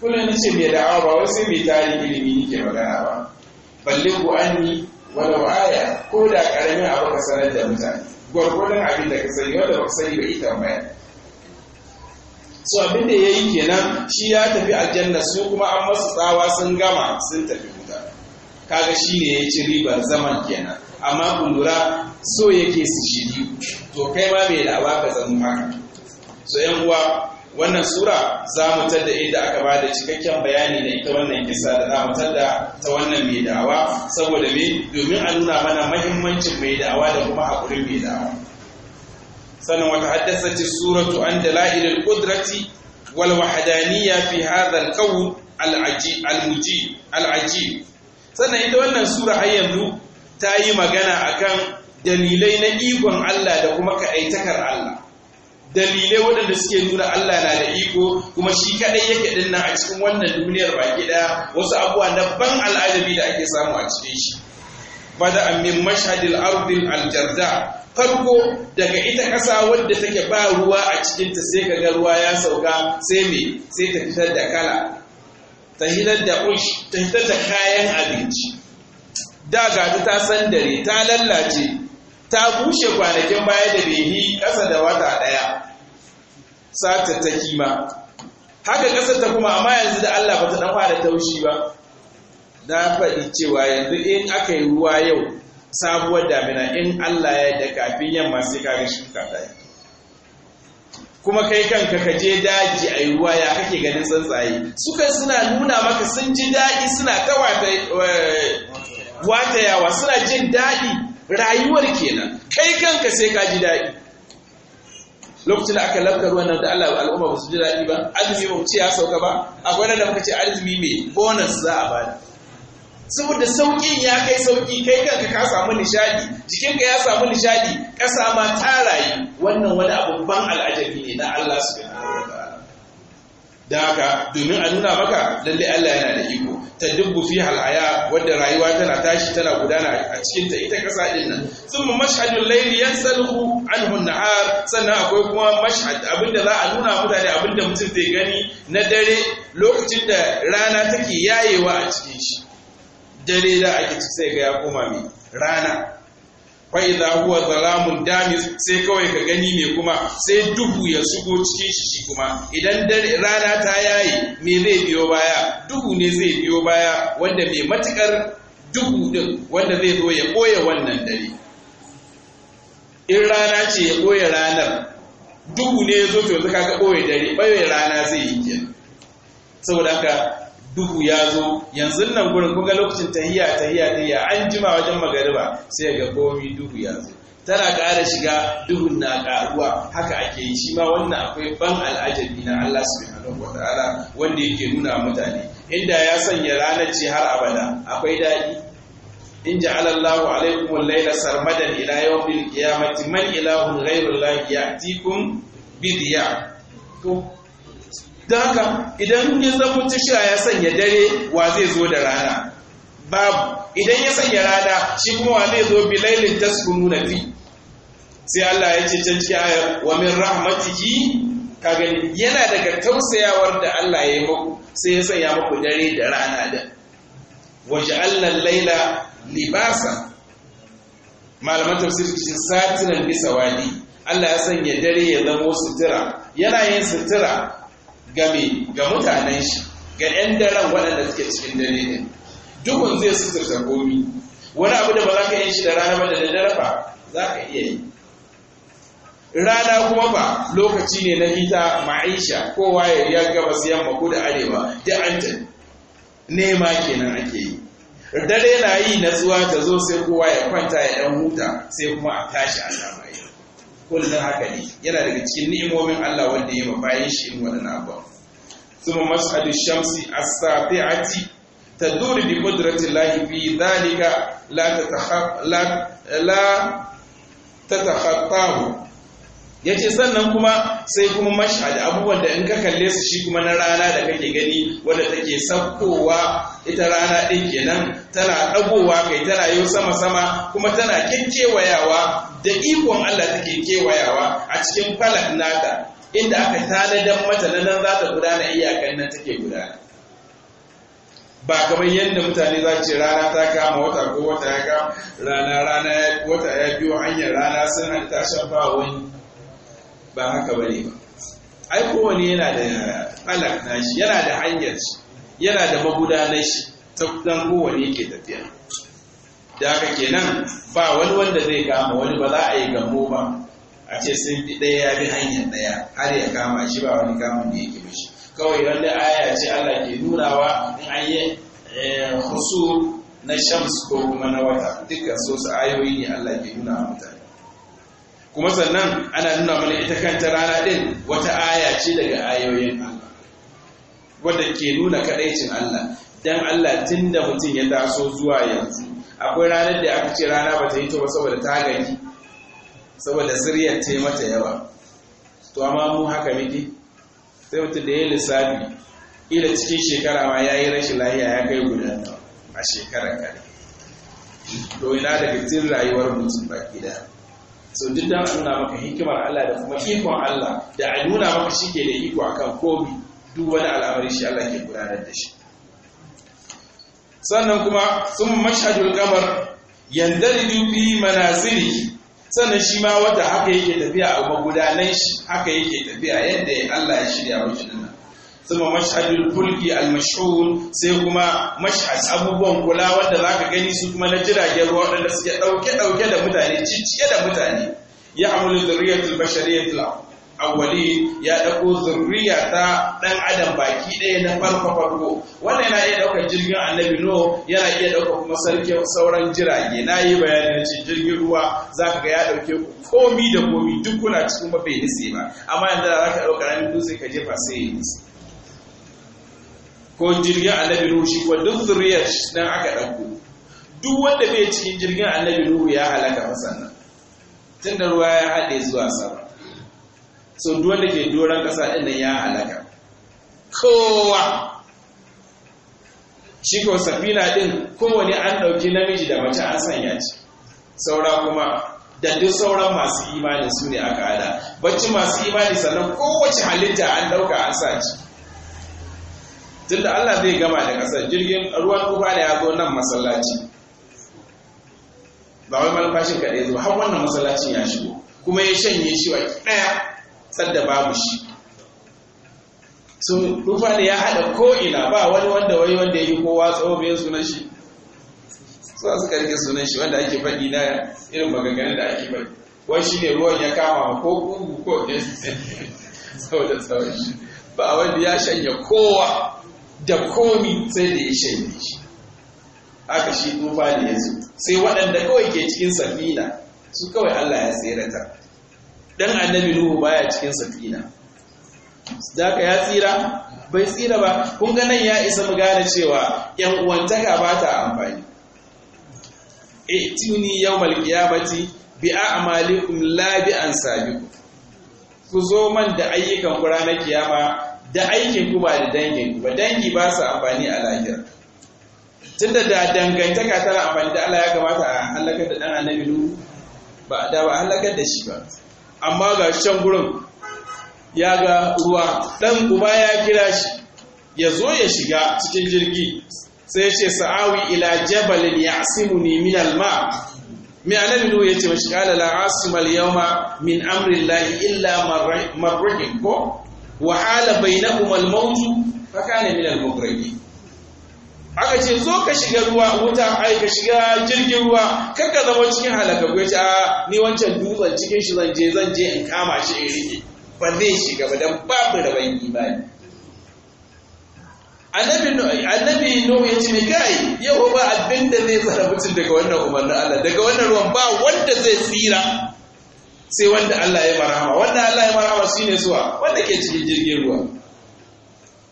kullum ni ce mai da'awa ba wai mai tarihi ilimi ke magana ba balle ku an yi Wani aya ko da karamin abu ka sanar da mutane gwargwadon abin da ka sani wanda ba sani ba ita mai so abin da yayi kenan shi ya tafi aljanna su kuma an masu tsawa sun gama sun tafi wuta kaga shine ya ci ribar zaman kenan amma kullura so yake su shiri to kai ma mai da ka zama haka so yan uwa wannan sura za mu tadda inda aka ba da cikakken bayani na ita wannan kisa da za mu tadda ta wannan mai dawa saboda me domin a nuna mana mahimmancin mai dawa da kuma haƙurin mai dawa sannan wata haddasati suratu an dalailil qudrati wal wahdaniyya fi hadha al qawl al ajib al mujib al ajib sannan ita wannan sura har yanzu ta yi magana akan dalilai na ikon Allah da kuma kaɗaitakar Allah dalilai waɗanda suke nuna Allah na da iko kuma shi kaɗai yake ɗin a cikin wannan duniyar baki ɗaya wasu abubuwa na ban al'adabi da ake samu a cikin shi bada min mashhadil ardil aljarda farko daga ita ƙasa wadda take ba ruwa a cikinta sai ka ga ruwa ya sauka sai me sai ta fitar da kala ta hitar da ta hitar da kayan abinci da ga ta san dare ta lallace ta bushe kwanakin baya da behi kasa da wata ɗaya sata ta kima haka ƙasa ta kuma amma yanzu da Allah ba ta ɗan fara taushi ba na faɗi cewa yanzu in aka yi ruwa yau sabuwar damina in Allah ya da kafin yamma sai ka ga shuka ta kuma kai kanka ka je daji a yi ruwa ya kake ganin tsuntsaye suka suna nuna maka sun ji daɗi suna ta watayawa eh, suna jin daɗi rayuwar kenan kai kanka sai ka ji daɗi lokacin da aka lafkar wannan da Allah al'umma ba su ji daɗi ba azumi ba ce ya sauka ba akwai da muka ce azumi mai bonus za a bani saboda sauƙin ya kai sauƙi kai kanka ka samu nishaɗi jikinka ya samu nishaɗi ƙasa ma ta rayu wannan wani abu ban al'ajabi ne na Allah subhanahu wa ta'ala da domin a nuna maka lalle Allah yana da iko ta dubbu fi halaya wadda rayuwa tana tashi tana gudana a cikin ta ita kasa din nan thumma mashhadul layli yansalhu anhu an-nahar sannan akwai kuma mashhad abinda za a nuna mutane abinda mutum zai gani na dare lokacin da rana take yayewa a cikin shi dare da ake ci ga ya koma mai rana fa huwa zalamun damis sai kawai ka gani ne kuma sai duhu ya shigo cikin shi kuma idan rana ta yaye me zai biyo baya duhu ne zai biyo baya wanda mai matukar duhu din wanda zai zo ya koya wannan dare in rana ce ya koya ranar duhu ne ya zo to zaka ga koya dare bai rana zai yi kenan saboda haka duhu ya zo yanzu nan gurin kuka lokacin tahiya tahiya tahiya an jima wajen magariba sai ga komi duhu ya zo tana ƙara shiga duhun na ƙaruwa haka ake yi shi ma wannan akwai ban al'ajabi na Allah subhanahu wataala wanda yake nuna mutane inda ya sanya ranar ce har abada akwai daɗi in ja'ala Allahu alaikum al sarmadan ila yawmil qiyamati man ilahun ghayru Allah ya'tikum to don haka idan ya zama tushiya ya sanya dare wa zai zo da rana babu idan ya sanya rana shi kuma wa zai zo bilailin na fi sai Allah ya ce can ciki ayar wa min rahmatihi ka gani yana daga tausayawar da Allah ya yi muku sai ya sanya muku dare da rana da waje allan laila libasa malaman tafsir cikin satinan bisa wani Allah ya sanya dare ya zama sutura yana yin sutura game ga mutanen shi ga 'yan daren waɗanda suke cikin dare ne dukkan zai suturta komi wani abu da ba za ka yi shi da rana ba da daddare ba za ka iya yi rana kuma ba lokaci ne na hita ma'aisha kowa ya gaba gabas yamma ko da arewa da an nema kenan ake yi dare na yi natsuwa ta zo sai kowa ya kwanta ya ɗan huta sai kuma a tashi a samayi kullum haka ne yana daga cikin ni'imomin Allah wanda ya bayan shi in wannan abu thumma shamsi as-safi'ati taduru bi qudrati Allah fi dhalika la la tatakhattahu ya ce sannan kuma sai kuma mashhad abubuwan da in ka kalle su shi kuma na rana da kake gani wadda take saukowa ita rana ɗin kenan tana ɗagowa kai tana yau sama-sama kuma tana kekewayawa da ikon Allah take kewayawa a cikin falak nata inda aka tanadan mata na nan za ta gudana iyakan nan take gudana ba kamar yadda mutane za ce rana ta kama wata ko wata ya kama rana rana wata ya biyo hanyar rana sun hanta shan ba wani ba haka bane ba ai kowane yana da na nashi yana da hanyar shi yana da magudanar shi ta kudan kowane yake tafiya da haka kenan ba wani wanda zai kama wani ba za a yi gambo ba a ce sun fi ɗaya ya bi hanyar ɗaya har ya kama shi ba wani kamun da yake mishi kawai wanda aya ce Allah ke nunawa in an yi eh, husu na shams ko kuma na wata dukkan so su ayoyi ne Allah ke nuna mutane kuma sannan ana nuna mana ita kanta rana ɗin wata aya ce daga ayoyin Allah wadda ke nuna kadaicin Allah dan Allah da mutum ya taso zuwa yanzu akwai ranar da aka ce rana ba ta yi ba saboda ta gani saboda siryar ta mata yawa to amma mu haka miki sai mutum da ya lissafi ila cikin shekara ma ya yi rashin lahiya ya kai guda a shekarar kare to ina daga cikin rayuwar mutum baki da so duk da nuna maka hikimar Allah da kuma ikon Allah da a nuna maka shi ke da iko akan komi duk wani al'amari shi Allah ke gudanar da shi sannan kuma sun mashhadul qamar yandalidu fi manazili sannan shi ma wata haka yake tafiya a magudanan shi haka yake tafiya yadda Allah ya shirya wajen Suma mashahadul fulki al mashhur sai kuma mashahad abubuwan kula wanda zaka gani su kuma na jiragen ruwa wanda suke dauke dauke da mutane cinciye da mutane ya amulu zurriyatul bashariyatul awwali ya dauko zurriya ta dan adam baki ɗaya na farko farko wannan yana iya daukar jirgin annabi no yana iya daukar kuma sarki sauran jirage na yi bayanin ci jirgin ruwa zaka ga ya dauke ku komi da komi duk kuna cikin mafi nisi ba amma yanzu da zaka dauka ranar dutse ka jefa sai ko jirgin annabi nuhu shi kuwa duk zuriyar nan aka ɗauko duk wanda bai cikin jirgin annabi nuhu ya halaka masannan tun da ruwa ya haɗe zuwa sama so duk wanda ke doron ƙasa ɗin nan ya halaka kowa shi ko safina ɗin ne an ɗauki namiji da mace an sanya ci saura kuma da duk sauran masu imani su ne aka hada bacci masu imani sannan kowace halitta an ɗauka an sa ci tunda Allah zai gama da kasar jirgin ruwan kufa da ya zo nan masallaci ba wai malfashin kaɗai zuwa har wannan masallacin ya shigo kuma ya shanye shi wa ɗaya tsadda babu shi sun rufa da ya haɗa ko'ina ba wani wanda wai wanda ya yi kowa tsawo bai sunan shi a suka rike sunan shi wanda ake faɗi na irin maganganun da ake faɗi wai shi ne ruwan ya kama ko kugu ko sau saboda tsawon shi ba wanda ya shanya kowa da komi sai da ya shaide shi aka shi tufa da ya zo sai waɗanda kawai ke cikin safina su kawai Allah ya tsirata dan annabi nuhu baya cikin safina zaka ya tsira bai tsira ba kun ga nan ya isa mu gane cewa yan uwantaka ba ta amfani E, ituni yawmal qiyamati bi a'malikum la bi ansabikum ku zo man da ayyukan ku ranar kiyama da aikin ku ba da dangin ku ba dangi ba su amfani a lahira tunda da dangantaka tana amfani da Allah ya kamata a halakar da dan annabi lu ba da ba halakar da shi ba amma ga can gurin ya ga ruwa dan kuma ya kira shi ya zo ya shiga cikin jirgi sai ce sa'awi ila jabalin ya'simuni min alma mai annabi lu ya ce mashi kala la yau, ma yawma min lahi illa marruhin ko wa hala bainahuma al-maut fa kana min al-mughraqin aka ce zo ka shiga ruwa wuta ai ka shiga jirgin ruwa kar ka zama cikin halaka ko ta ni wancan dutsen cikin shi zan je zan je in kama shi in rike ba zai shiga ba dan babu rabon imani annabi annabi nuhu ya ce kai yau ba abin da zai tsara mutum daga wannan umarnin Allah daga wannan ruwan ba wanda zai tsira sai wanda Allah ya marama wanda Allah ya marhama ne suwa wanda ke cikin jirgin ruwa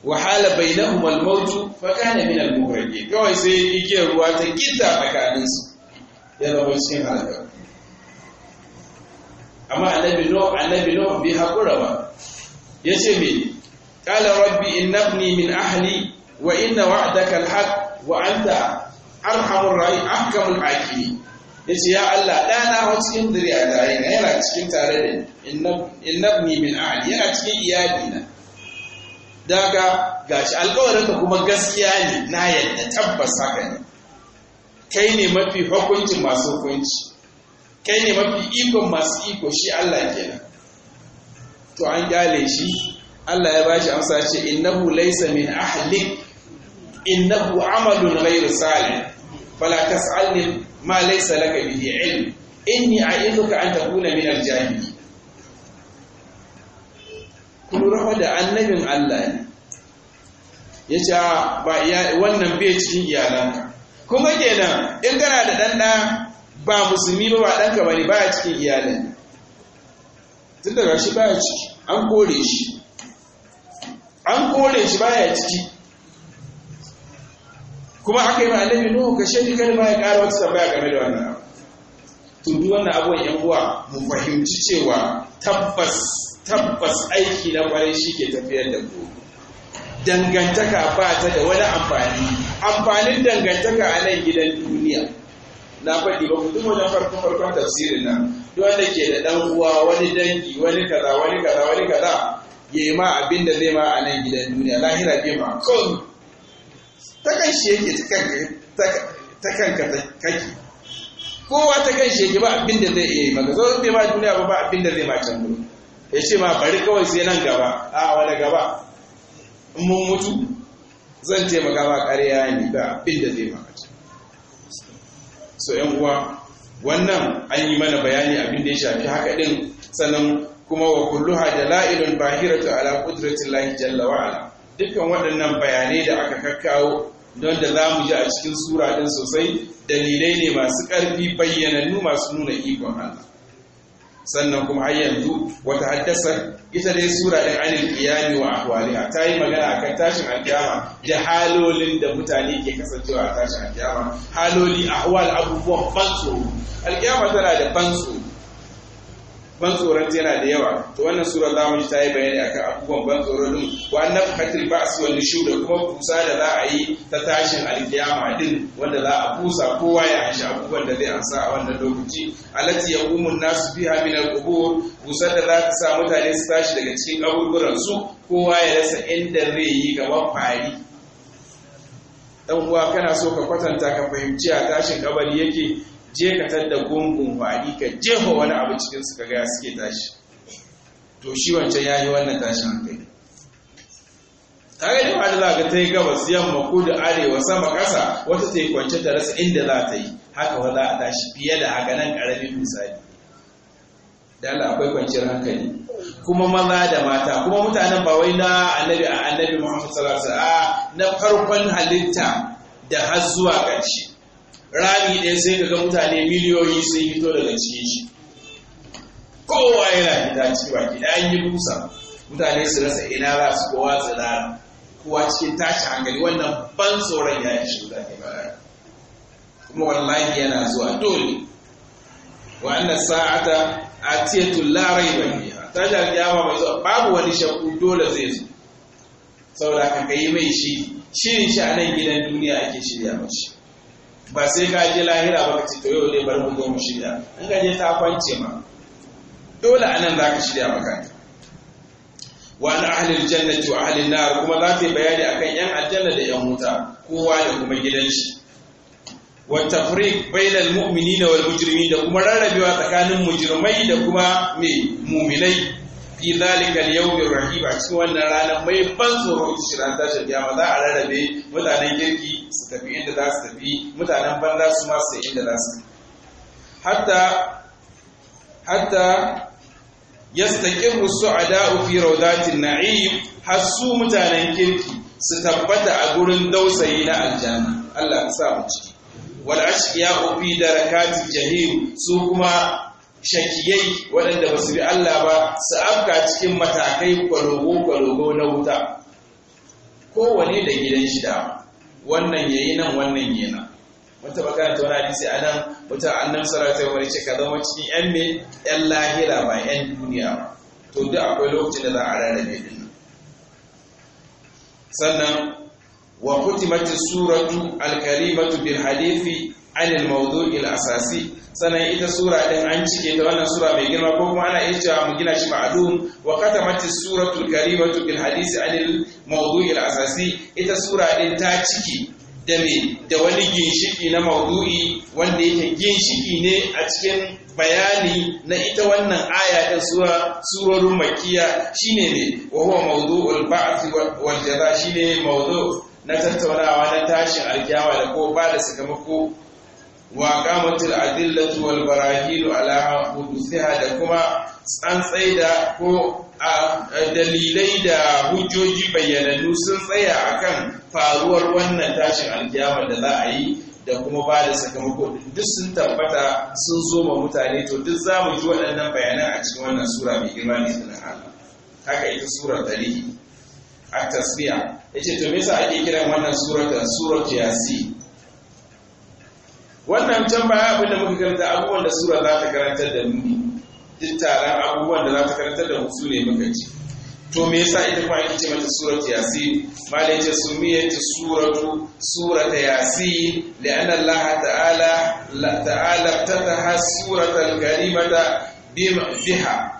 Wahala bai bainahum al-maut fa kana min al-mughraqin kawai sai igiyar ruwa ta gidda a su ya zama cikin halaka amma annabi no annabi no bi hakura ba yace me qala rabbi innabni min ahli wa inna wa'daka al-haq wa anta arhamur rahim ahkamul yace ya Allah dana hau cikin zuriya yana cikin tare da ni innabni min ahli yana cikin iyali na daga gashi ka kuma gaskiya ne na yadda tabbas haka ne kai ne mafi hukuncin masu hukunci kai ne mafi ikon masu iko shi Allah kenan to an gale shi Allah ya bashi amsa ce innahu laysa min ahlik innahu amalun ghayru salih fala tas'alni ma laysa laka bihi ilm inni a'iduka an takuna min al-jahili kullu da annabin Allah ne yace ba wannan bai cikin iyalanka kuma kenan in kana da dan ba musulmi ba ba danka bane baya cikin iyalan tun daga shi baya ciki an kore shi an kore shi baya ciki kuma aka yi ma nuhu ka shaidi kan ma ya ƙara wata tambaya game da wannan to duk wannan abubuwan yan uwa mu fahimci cewa tabbas tabbas aiki na ƙwarai shi ke tafiyar da ku dangantaka ba ta da wani amfani amfanin dangantaka a nan gidan duniya na faɗi ba ku duk na farko farko tafsirin nan duk wanda ke da ɗan uwa wani dangi wani kaza wani kaza wani kaza ya yi ma abin da zai ma a nan gidan duniya lahira bai ma kawai ta kan shi yake ta kanka kake kowa ta kan shi yake ba abin da zai iya yi maka zo bai ma duniya ba ba abin da zai ma can gudu ya ce ma bari kawai sai nan gaba a wani gaba mun mutu zan taimaka ma ƙarya ne ba abin da zai ma can so yan uwa wannan an yi mana bayani abin da ya shafi haka din sannan kuma wa kulluha la'ilun bahiratu ala qudratillahi jalla wa ala dukkan waɗannan bayanai da aka kakkawo don da za mu ji a cikin sura ɗin sosai dalilai ne masu ƙarfi bayyanannu masu nuna ikon Allah sannan kuma har yanzu wata haddasar ita dai sura ɗin anil qiyami wa ahwaliha ta yi magana kan tashin alkiyama da halolin da mutane ke kasancewa a tashin alkiyama haloli ahwal abubuwan ban tsoro tana da ban tsoro ban tsoron yana da yawa to wannan sura za mu ji ta yi bayani akan abubuwan ban tsoron din wa annafhatil ba wal wani da kuma kusa da za a yi ta tashin alkiyama din wanda za a kusa kowa ya anshi abubuwan da zai ansa a wannan lokaci alati umun nasu biha min al-qubur kusa da za ta sa mutane su tashi daga cikin kaburburan su kowa ya rasa inda zai yi gaban fari dan uwa kana so ka kwatanta ka fahimci a tashin kabari yake je ka tadda gungun wari ka jefa wani abu cikin suka gaya suke tashi to shi wancan ya yi wannan tashin hankali tare da wani za ka ta yi gabas yamma da arewa sama ƙasa wata ta yi kwance ta rasa inda za ta yi haka wa za a tashi fiye da haka nan ƙaramin misali da Allah akwai kwanciyar hankali kuma maza da mata kuma mutanen ba wai na annabi a annabi Muhammad sallallahu alaihi wasallam na farkon halitta da har zuwa ƙarshe rami ɗaya sai ka ga mutane miliyoyi sun fito daga cikin shi kowa yana fita ba baki an yi busa mutane su rasa ina za su kowa tsirara kowa cikin tashi hankali wannan ban tsoron ya da mutane ba kuma wallahi yana zuwa dole Wannan a anna larai ba ne ta fiha ya ba mai zuwa babu wani shakku dole zai zo saboda ka kai mai shi shirin shi a nan gidan duniya ake shirya mashi ba sai ka je lahira ba kace to yau ne bar mu goma shida in ka je ta kwance ma dole anan za ka shirya maka wa an ahli aljannati wa ahli nar kuma za ta yi bayani akan yan aljanna da yan wuta kowa da kuma gidan shi wa tafriq bainal mu'minina wal mujrimin da kuma rarrabewa tsakanin mujrimai da kuma me mu'minai fi zalika al-yawmi rahib a cikin wannan rana mai ban tsoro ita ce ta tashin kiyama za a rarrabe mutanen kirki su tafi inda za su tafi mutanen banza su ma su inda za su hatta hatta yastaqimu su'ada'u fi rawdatin na'im hasu mutanen kirki su tabbata a gurin dausayi na aljanna Allah ya sa mu ciki wal ashqiya fi darakatil jahim su kuma shakiyai waɗanda ba su bi Allah ba su afka cikin matakai kwalogo-kwalogo na wuta kowane da gidan shida wannan yayi nan wannan yayi nan wata magana ta wani sai a nan annan sarauta ya ce ka zama cikin yan mai yan lahira ba yan duniya ba to duk akwai lokacin da za a rarrabe din sannan wa kutimat suratu al bil hadithi anil mawdu'il asasi sannan ita sura din an cike da wannan sura mai girma ko kuma ana iya cewa mu gina shi ma'lum wa khatamat suratul karimatu bil hadisi anil mawdu'i al asasi ita sura din ta cike da me da wani ginshiki na mawdu'i wanda yake ginshiki ne a cikin bayani na ita wannan aya din sura surorin makkiya shine ne wa huwa mawdu'ul ba'th wal jaza shine mawdu' na tattaunawa na tashin alkiyawa da ko ba da sakamako wa qamatil adillatu wal barahil ala hudusiha da kuma tsantsai da ko dalilai da hujjoji bayyanannu sun tsaya kan faruwar wannan tashin alkiyama da za a yi da kuma ba da sakamako duk sun tabbata sun zo ma mutane to duk za mu ji waɗannan bayanan a cikin wannan sura mai girma ne haka ita sura tarihi a tasbiya yace to me ake kiran wannan sura ta surat yasin wannan can baya abin da muka karanta abubuwan da sura za ta karantar da mu duk taron abubuwan da za ta karantar da mu su ne muka ci to me yasa ita kuma ake ce mata surat yasin mala yace suratu surata yasin li'anna Allah ta'ala la ta'ala tataha suratal karimata bima fiha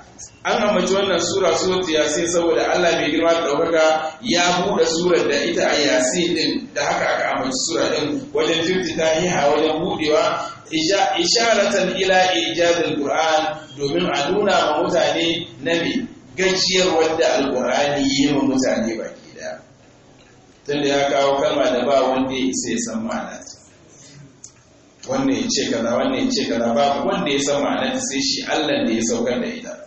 an ambaci wannan sura suratul yasin saboda Allah mai girma da ɗaukaka ya bude surar da ita a yasin din da haka aka ambaci sura din wajen ha wajen budewa isharatan ila ijazil qur'an domin a nuna ma mutane nabi gajiyar wadda alqur'ani yi ma mutane baki da tunda ya kawo kalma da ba wanda ya isa ya san ma'ana wannan ya ce kaza wannan ya kaza babu wanda ya san ma'ana sai shi Allah da ya saukar da ita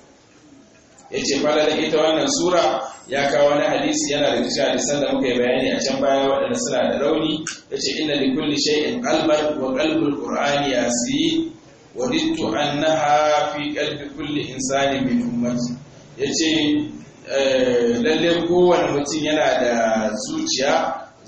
yace faɗaɗa ita wannan sura ya kawo wani hadisi yana da cikin hadisan da muka yi bayani a can baya waɗanda suna da rauni yace inna li kulli shay'in qalban wa qalbul qur'ani yasi wadittu annaha fi qalbi kulli insani min ummati ce eh, lalle kowane mutum yana da zuciya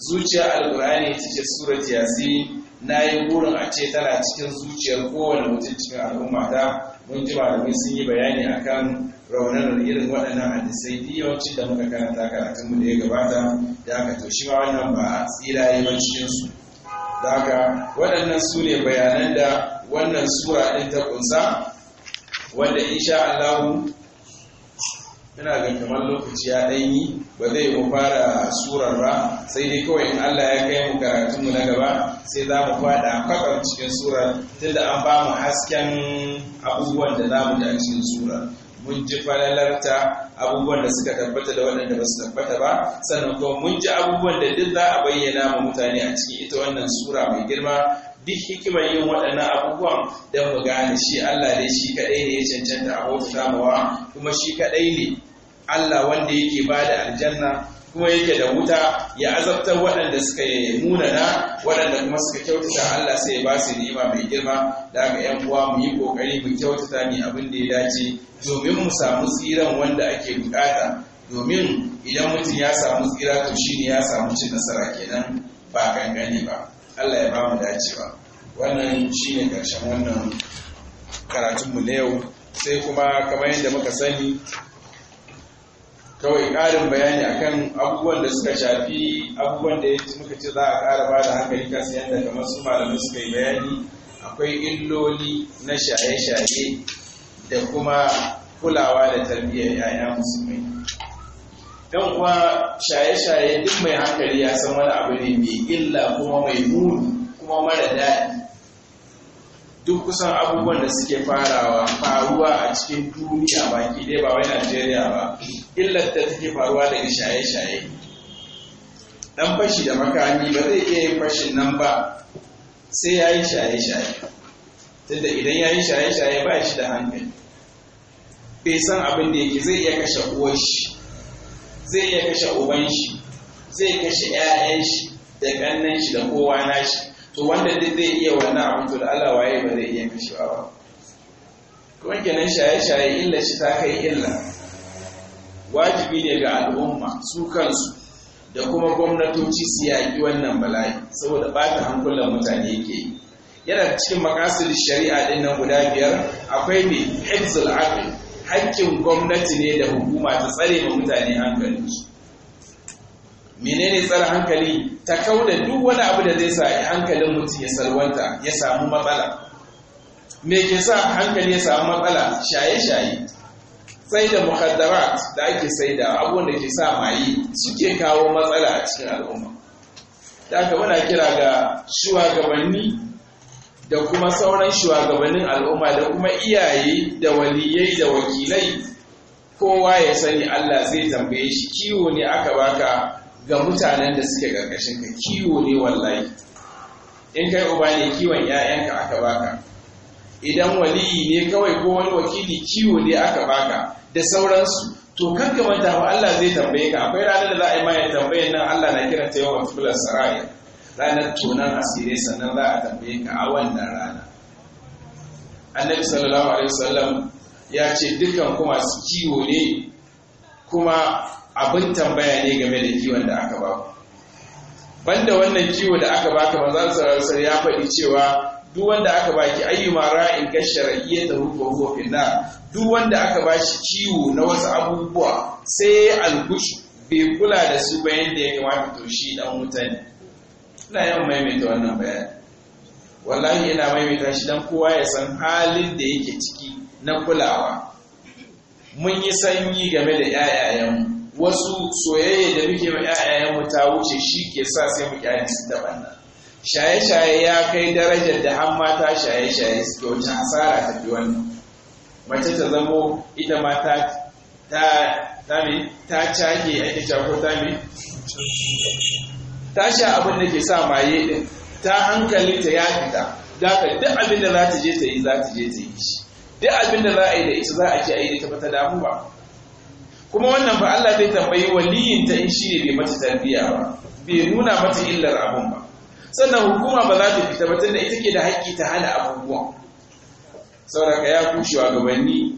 zuciya alqur'ani ita ce surat yasin na yi burin a ce tana cikin zuciyar kowane mutum cikin al'umma ta mun ji malamai sun yi bayani akan raunar irin waɗannan hadisai duk yawanci da muka karanta karatunmu da ya gabata da aka toshi ma wannan ba a tsira yawancinsu da aka waɗannan su ne bayanan da wannan sura ɗin ta ƙunsa wanda insha Allah ina ga kamar lokaci ya yi ba zai mu fara surar ba sai dai kawai in Allah ya kai mu karatunmu na gaba sai za mu faɗa kwakwar cikin surar tunda an ba mu hasken abubuwan da za mu ji a cikin surar mun ji falalarta abubuwan da suka tabbata da waɗanda ba su tabbata ba sannan kuma mun ji abubuwan da duk za a bayyana ma mutane a cikin ita wannan sura mai girma duk hikimar yin waɗannan abubuwan don mu gane shi Allah dai shi kaɗai ne ya cancanta a bauta kuma shi kaɗai ne Allah wanda yake ba da aljanna kuma yake da wuta ya azabtar waɗanda suka yi munana waɗanda kuma suka kyautata Allah sai ba su ni'ima mai girma da ga ƴan uwa mu yi kokari mu kyautata ni abin da ya dace domin mu samu tsiran wanda ake bukata domin idan mutum ya samu tsira to shine ya samu cin nasara kenan ba gangane ba Allah ya ba mu dacewa wannan shine karshen wannan karatunmu na yau sai kuma kamar yadda muka sani kawai ƙarin bayani akan abubuwan da suka shafi abubuwan da muka ce za a ƙara ba da hankali kasu yadda kamar su malamai suka yi bayani akwai illoli na shaye-shaye da kuma kulawa da tarbiyyar yaya musulmai don kuwa shaye-shaye duk mai hankali ya san wani abu ne mai illa kuma mai muni kuma mara daɗi duk kusan abubuwan da suke farawa faruwa a cikin duniya baki dai ba wai Najeriya ba illar da take faruwa daga shaye-shaye dan fashi da makami ba zai iya yin fashin nan ba sai ya yi shaye-shaye tunda idan ya yi shaye-shaye ba shi da hankali bai san abin da yake zai iya kashe uwar shi zai iya kashe uban shi zai kashe 'ya'yan shi da ƙannan shi da kowa na shi to wanda zai iya wani abin to da Allah waye ba zai iya mishi ba kuma kenan shaye-shaye illa shi ta kai illa wajibi ne ga al'umma su kansu da kuma gwamnatoci su yaƙi wannan bala'i saboda ta hankulan mutane yake yi yana cikin makasir shari'a ɗin nan guda biyar akwai ne hibzul aql hakkin gwamnati ne da hukuma ta tsare ma mutane hankalinsu menene tsara hankali ta kauda duk wani abu da zai sa hankalin mutum ya salwanta ya samu matsala me ke sa hankali ya samu matsala shaye-shaye sai da muhaddarat da ake sai da abubuwan da ke sa mayi suke kawo matsala a cikin al'umma da aka muna kira ga shugabanni da kuma sauran shugabannin al'umma da kuma iyaye da waliyai da wakilai kowa ya sani Allah zai tambaye shi kiwo ne aka baka ga mutanen da suke ƙarƙashin ka kiwo ne wallahi in kai uba ne kiwon 'ya'yanka aka baka idan waliyi ne kawai ko wani wakili kiwo ne aka baka da sauransu to kanka manta fa Allah zai tambaye ka akwai ranar da za a yi mai tambayan nan Allah na kira ta yawan fulan sarari ranar tunan asirai sannan za a tambaye ka a wannan rana annabi sallallahu alaihi wasallam ya ce dukkan kuma su kiwo ne kuma abin tambaya ne game da kiwon da aka baku banda wannan kiwo da aka baka su rasar ya faɗi cewa duk wanda aka baki in ra'in gashariyata da rubo ko nar duk wanda aka bashi kiwo na wasu abubuwa sai algushu bai kula da su ba yanda ya kamata to shi dan wuta ina yawan maimaita wannan bayani wallahi ina maimaita shi dan kowa ya san halin da yake ciki na kulawa mun yi sanyi game da 'ya'yayenmu wasu soyayya da muke wa ‘ya'yayenmu ta wuce shi ke sa sai mu kyani su da wannan shaye-shaye ya kai darajar da har mata shaye-shaye suke wuce asara ta fi wannan mace ta zamo ita ma ta ta me ta cage ake ko ta me ta sha abin da ke sa maye din ta hankali ta ya fita daga duk abin da za ta je ta yi za ta je ta yi shi duk abin da za a yi da ita za a ce a yi da ta ba damu ba kuma wannan fa Allah zai tambayi waliyin ta in shi ne bai mata tarbiyya ba bai nuna mata illar abun ba sannan hukuma ba za ta fita ba tunda ita ke da haƙƙi ta hana abubuwan saboda ya wa gabanni.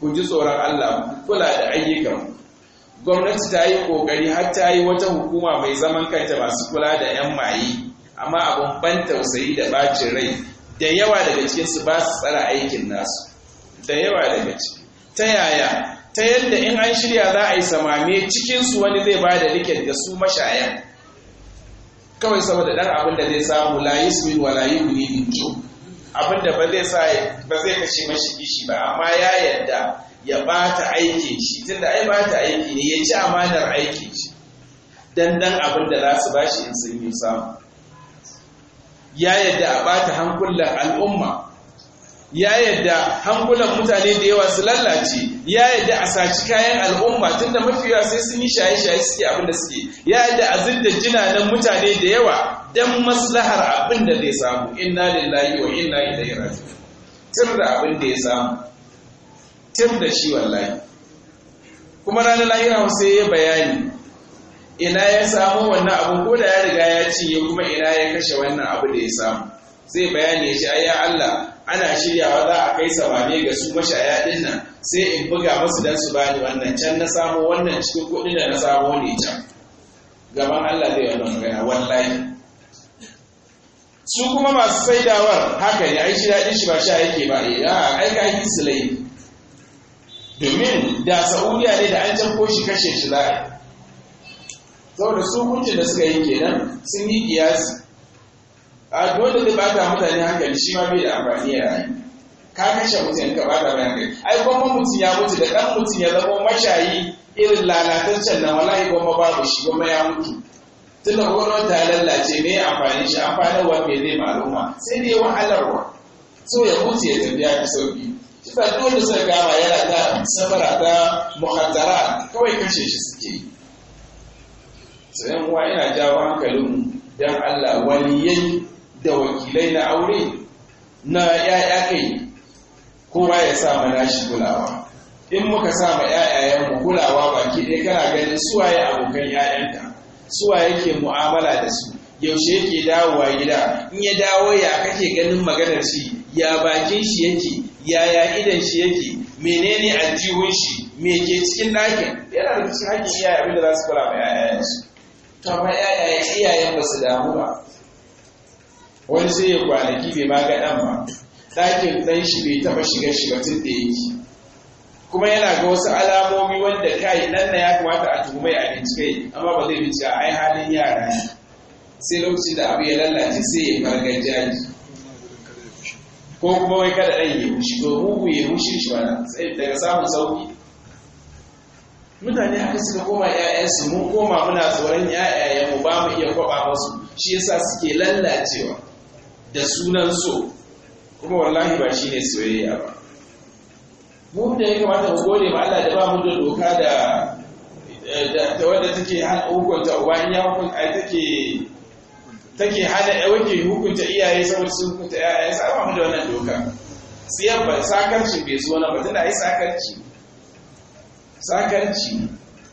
ku ji tsoron Allah kula da ayyukan gwamnati ta yi kokari har ta yi wata hukuma mai zaman kanta masu kula da yan maye amma abun ban tausayi da bacin rai da yawa daga cikin su ba su tsara aikin nasu da yawa daga ciki ta yaya ta yadda in an shirya za a yi samame cikinsu wani zai ba da rike da su mashaya. kawai saboda ɗan abin da zai samu layi su yi wa layi ne min abin da ba zai kashe mashi kishi ba amma ya yadda ya bata aiki shi tun da ai bata aiki ne ya ci amanar aiki shi dan dan abin da za su bashi in sun yi samu ya yadda a bata hankulan al'umma ya yadda hankulan mutane da yawa su lallace ya yadda a saci kayan al'umma tunda mafi yawa sai sun yi shaye-shaye suke abin da suke ya yadda a zidda jinanan mutane da yawa dan maslahar abin da zai samu inna lillahi wa inna ilaihi raji'un tir da abin da ya samu tir da shi wallahi kuma ranar lahira sai ya bayani ina ya samu wannan abu ko da ya riga ya cinye kuma ina ya kashe wannan abu da ya samu zai bayani ya ce ayya Allah ana shiryawa za a kai samane ga su mashaya din nan sai in buga musu dan su bani wannan can na samu wannan cikin kuɗin da na samu ne can gaban Allah zai wannan magana wallahi su kuma masu saidawar haka ne ai shi daɗin shi ba sha yake ba ne eh, ai ka yi silai domin da sa'udiya ne da an can shi kashe shi za'a saboda su hukuncin da suka yi kenan sun yi kiyasi a dole zai bata mutane hankali shi ma bai da amfani ya rayu ka kashe mutum ka bata bayan kai ai gwamma mutum ya mutu da ɗan mutum ya zama mashayi irin nan na wallahi gwamma babu shi gwamma ya mutu tunda gwamnati ta lallace me amfani shi wa me zai maluma sai dai wahalarwa so ya mutu ya tafiya da sauki shi ta dole suka gama yana ta safara ta muhaddara kawai kashe shi suke yi sayan uwa yana jawo hankalin dan Allah waliyai da wakilai na aure na ‘ya'ya kai kowa ya sa mana shi kulawa in muka sa ma ‘ya'yayenmu kulawa baki ɗaya kana ganin ya abokan yayanta suwa yake mu'amala da su yaushe yake dawowa gida in ya dawo ya kake ganin maganar shi ya bakin shi yake yaya idan shi yake menene ajihun shi me ke cikin ɗakin yana da cikin hakkin iyaye abinda za su kula ma ‘ya'yayensu to amma iyayen ba su damu ba wani sai ya kwanaki bai maga ga ɗan ba ɗakin ɗan shi bai taɓa shiga shi ba tun da yake kuma yana ga wasu alamomi wanda kai nan na ya kamata a tuhumai a bincike amma ba zai bincika ai halin yara ne sai lokacin da abu ya lallace sai ya fargar jaji ko kuma wai kada ɗan ya mushi ko mugu ya mushi shi ba sai daga samun sauki mutane haka suka koma ‘ya'yansu mun koma muna tsoron ‘ya'yayenmu ba mu iya kwaba masu shi yasa suke lallacewa da sunan so kuma wallahi ba shi ne soyayya ba Mun da ya kamata mu gode ma Allah da ba mu da doka da da wadda take hukunta uba ya hukunta take take hana wake hukunta iyaye saboda sun hukunta iyaye sai ba mu da wannan doka siyar ba sakarci bai zo na ba tana yi sakarci sakarci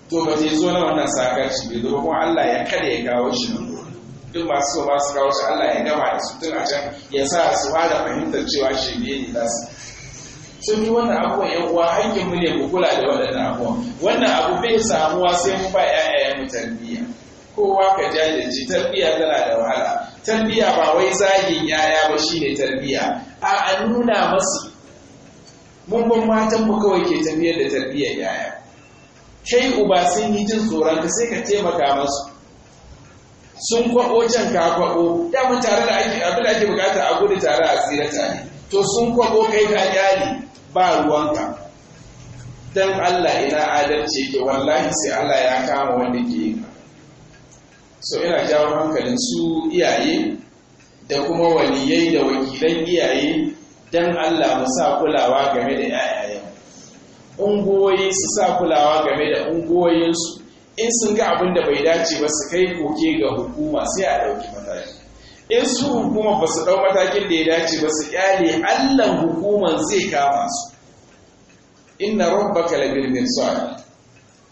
to ba zai zo na wannan sakarci bai zo ba kuma Allah ya kada ya kawo shi nan duk masu so ba su shi Allah ya gama da su tun a can ya sa su fara fahimtar cewa shi ne ne za su sun yi wannan abubuwan yan uwa hankin mu ne mu kula da waɗannan abubuwan wannan abu bai samuwa sai mu ba ƴaƴayen mu tarbiyya kowa ka ji, tarbiyya tana da wahala tarbiyya ba wai zagin yaya ba shine tarbiyya a a nuna masu mun matan mu kawai ke tafiyar da tarbiyyar yaya kai uba sun yi jin tsoron ka sai ka taimaka masu sun kwaɓo can ka kwaɓo, daman tare da ake abin da ake bukata a gudu tare a tsira tare to sun kwaɓo, kai ka kyale ba ruwanka dan Allah ina adalci yake wallahi sai Allah ya kama wanda ke yi so ina jawo hankalin su iyaye da kuma waliyai da wakilan iyaye dan Allah mu sa kulawa game da 'ya'yayen ungoyi su sa kulawa game da ungoyinsu in sun ga abin da bai dace ba su kai koke ga hukuma sai a ɗauki mataki in su hukuma ba su ɗau matakin da ya dace ba su ƙyale allan hukuman zai kama su inna rabbaka labil mirsad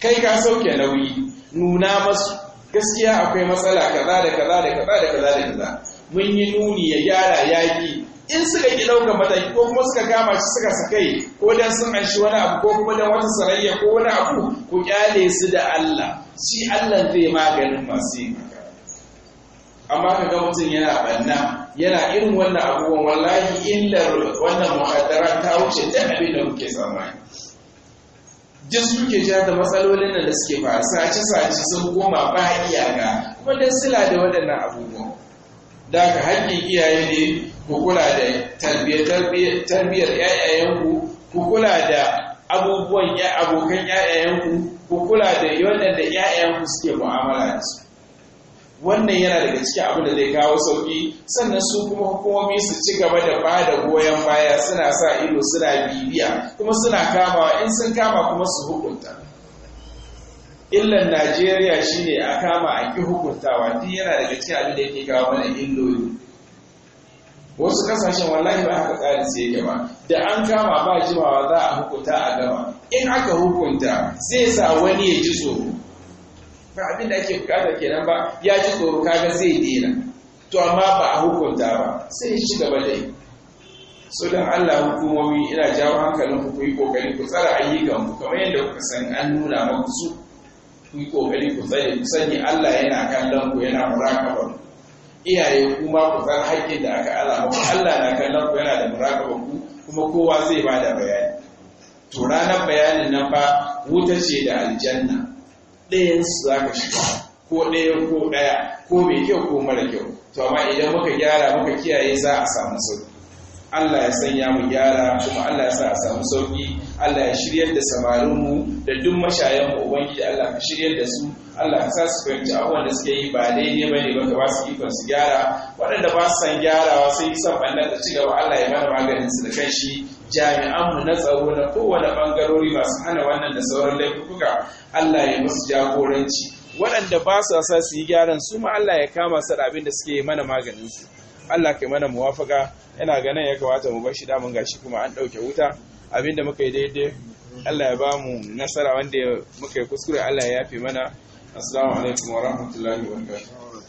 kai ka sauke nauyi nuna masu gaskiya akwai matsala kaza da kaza da kaza da kaza da kaza mun yi nuni ya gyara yaki in suka ki ɗaukar mataki ko kuma suka kama shi suka sakai ko dan sun anshi wani abu ko kuma dan wata sarayya ko wani abu ku kyale su da Allah shi Allah zai maganin masu yi. amma ka ga mutum yana banna yana irin wannan abubuwan wallahi illar wannan muhaddara ta wuce ta abin da muke tsammani duk suke ja da matsalolin da suke fara sace sace sun koma ba iyaka kuma dan sila da waɗannan abubuwan da ka haƙƙin iyaye ne ku kula da tarbiyyar yayayenku ku kula da abubuwan abokan yayayenku ku kula da yawan da yayayenku suke mu'amala da su wannan yana daga cikin abin da zai kawo sauƙi sannan su kuma hukumomi su ci gaba da ba da goyon baya suna sa ido suna bibiya kuma suna kamawa in sun kama kuma su hukunta illan najeriya shine a kama a hukuntawa duk yana daga cikin abin da yake kawo mana illoli wasu kasashen wallahi ba haka tsarin sai gaba. da an kama ba jimawa za a hukunta a gama in aka hukunta zai sa wani ya ji tsoro ba abin da ake bukata kenan ba ya ji tsoro kaga zai dena to amma ba a hukunta ba sai ya ci gaba dai so don Allah hukumomi ina jawo hankalin ku yi kokari ku tsara ayyukan ku kamar yadda kuka san an nuna muku su Kun kokari ku tsaye ku sani Allah yana kallon ku yana murakabar iyaye kuma ku san haƙƙin da aka ala ku Allah na kallon ku yana da murakabar ku kuma kowa zai ba da bayani to ranar bayanin nan ba wuta ce da aljanna ɗayan su za ka shiga ko ɗaya ko ɗaya ko mai kyau ko mara kyau to amma idan muka gyara muka kiyaye za a samu sauki Allah ya sanya mu gyara kuma Allah ya sa a samu sauki Allah ya shiryar da mu da duk mashayan ubangiji Allah ka shiryar da su Allah ka sa su fahimci abubuwan da suke yi ba daidai bane ba ka ba su ikon su gyara waɗanda ba su san gyarawa sun yi son ɓannan da cigaba Allah ya mana maganin su da kanshi jami'an mu na tsaro na kowane bangarori masu hana wannan da sauran laifuka Allah ya musu jagoranci waɗanda ba su sa su yi gyaran su ma Allah ya kama su da abin da suke mana maganin su Allah kai mana muwafaka yana ganin ya kawata mu bar shi damun gashi kuma an ɗauke wuta abinda muka yi daidai Allah ya ba mu nasara wanda muka yi kuskure Allah ya yafe mana assalamu alaikum wa rahmatullahi wa barakatuh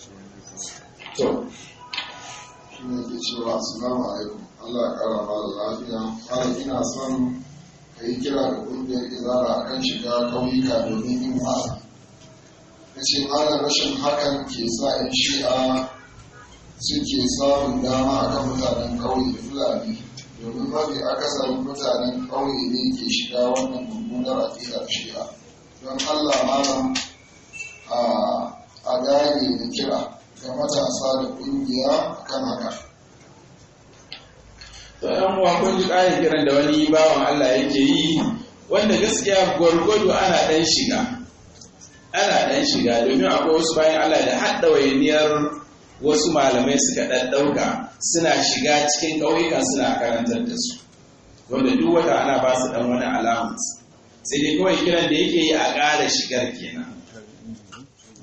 shi ne ke cewa assalamu alaikum Allah ya kara ba da lafiya Allah ina son ka yi kira da ƙungiyar izara a kan shiga ƙauyuka domin yin wa'azi na ce rashin hakan ke sa in shi'a suke samun dama a kan mutanen ƙauye fulani domin mafi akasarin mutanen ƙauye ne ke shiga wannan mummunar aƙidar shiya don allah malam a gane da kira ga matasa da ƙungiya kan haka to yan uwa kun ji ƙarin kiran da wani bawan Allah yake yi wanda gaskiya gwargwado ana ɗan shiga ana ɗan shiga domin akwai wasu bayan Allah da haɗa wayaniyar wasu malamai suka ɗaɗɗauka suna shiga cikin ƙauyuka suna karantar da su wanda duk wata ana ba su ɗan wani allowance sai dai kawai kiran da yake yi a ƙara shigar kenan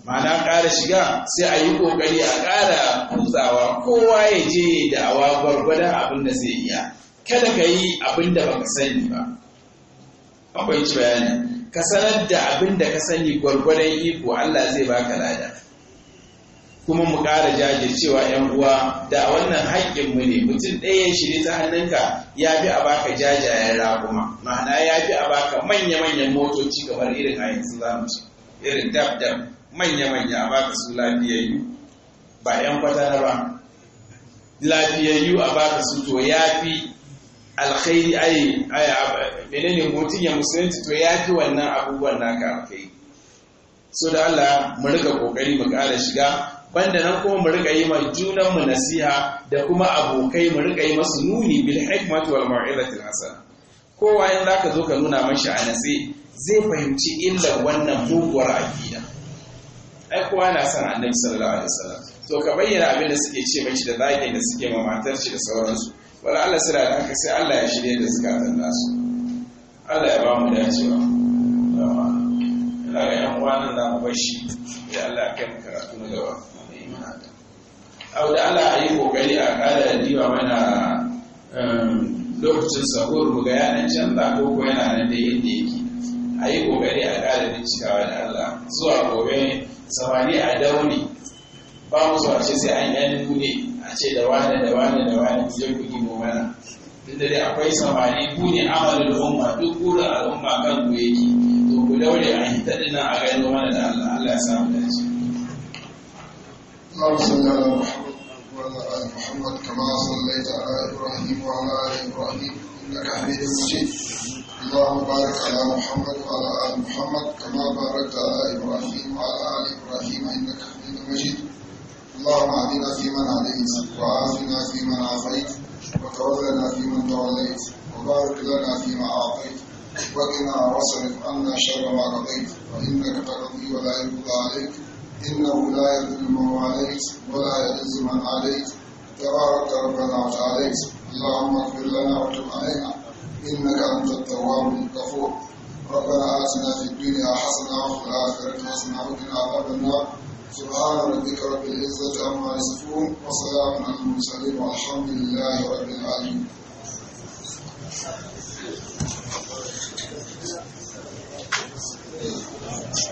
ma'ana ƙara shiga sai a yi ƙoƙari a ƙara kuzawa kowa ya je da awa gwargwadon abin da zai iya kada ka yi abin da ka sani ba akwai bayani ka sanar da abin da ka sani gwargwadon iko Allah zai baka lada kuma mu ƙara jajircewa yan uwa da wannan haƙƙin mu ne mutum ɗaya shiri ta hannunka ya fi a baka jajayen raguma ma'ana ya fi a baka manya-manyan motoci kamar irin ayin su za mu ci irin dab dab manya-manya a baka su lafiyayyu ba yan kwatana ba lafiyayyu a baka su to ya fi alkhairi ai menene mutum ya musulunci to ya fi wannan abubuwan naka kai so da Allah mu rika kokari mu ƙara shiga banda nan kuma mu riƙa yi ma junan mu nasiha da kuma abokai mu riƙa yi masu nuni bil hikmati wal mau'izati hasana kowa in zaka zo ka nuna mashi a nasi zai fahimci illar wannan muguwar aqida ai kowa na son annabi sallallahu alaihi wasallam to ka bayyana abin da suke ce mashi da zaki da suke ma matar shi da sauransu wala Allah sira da haka sai Allah ya shirye da zakatan nasu Allah ya ba mu dacewa ina ga yan uwa nan za bashi. bar ya Allah ya kai mu karatu na gaba abu da ala a yi kokari a kada diwa mana um, lokacin sahur mu ga yanan canza ko ko yana nan da yadda yake a yi kokari a kada bincikawa da Allah zuwa gobe samani a dauni ba mu zuwa ce sai an yan nune a ce da wani da wani da wani ku je ku mu mana duk da dai akwai samani ku ne amalin al'umma duk burin al'umma kan ku yake to ku daure a hita dinnan a gano mana da Allah Allah ya samu dace. Allah محمد كما صليت على إبراهيم وعلى آل إبراهيم إنك حميد مجيد اللهم بارك على محمد وعلى آل محمد كما باركت على إبراهيم وعلى آل إبراهيم إنك حميد مجيد اللهم اهدنا فيمن عليك وعافنا فيمن عافيت وتولنا فيمن توليت وبارك لنا فيما أعطيت وقنا واصرف عنا شر ما رضيت وانك تقضي ولا يقضى عليك إنه لا يذل من عليك ولا يعز من عليك تبارك ربنا وتعاليت اللهم اغفر لنا وتب علينا إنك أنت التواب الغفور ربنا آتنا في الدنيا حسنة وفي الآخرة حسنة وقنا عذاب النار سبحان ربك رب العزة عما يصفون وسلام على المرسلين والحمد لله رب العالمين Thank you.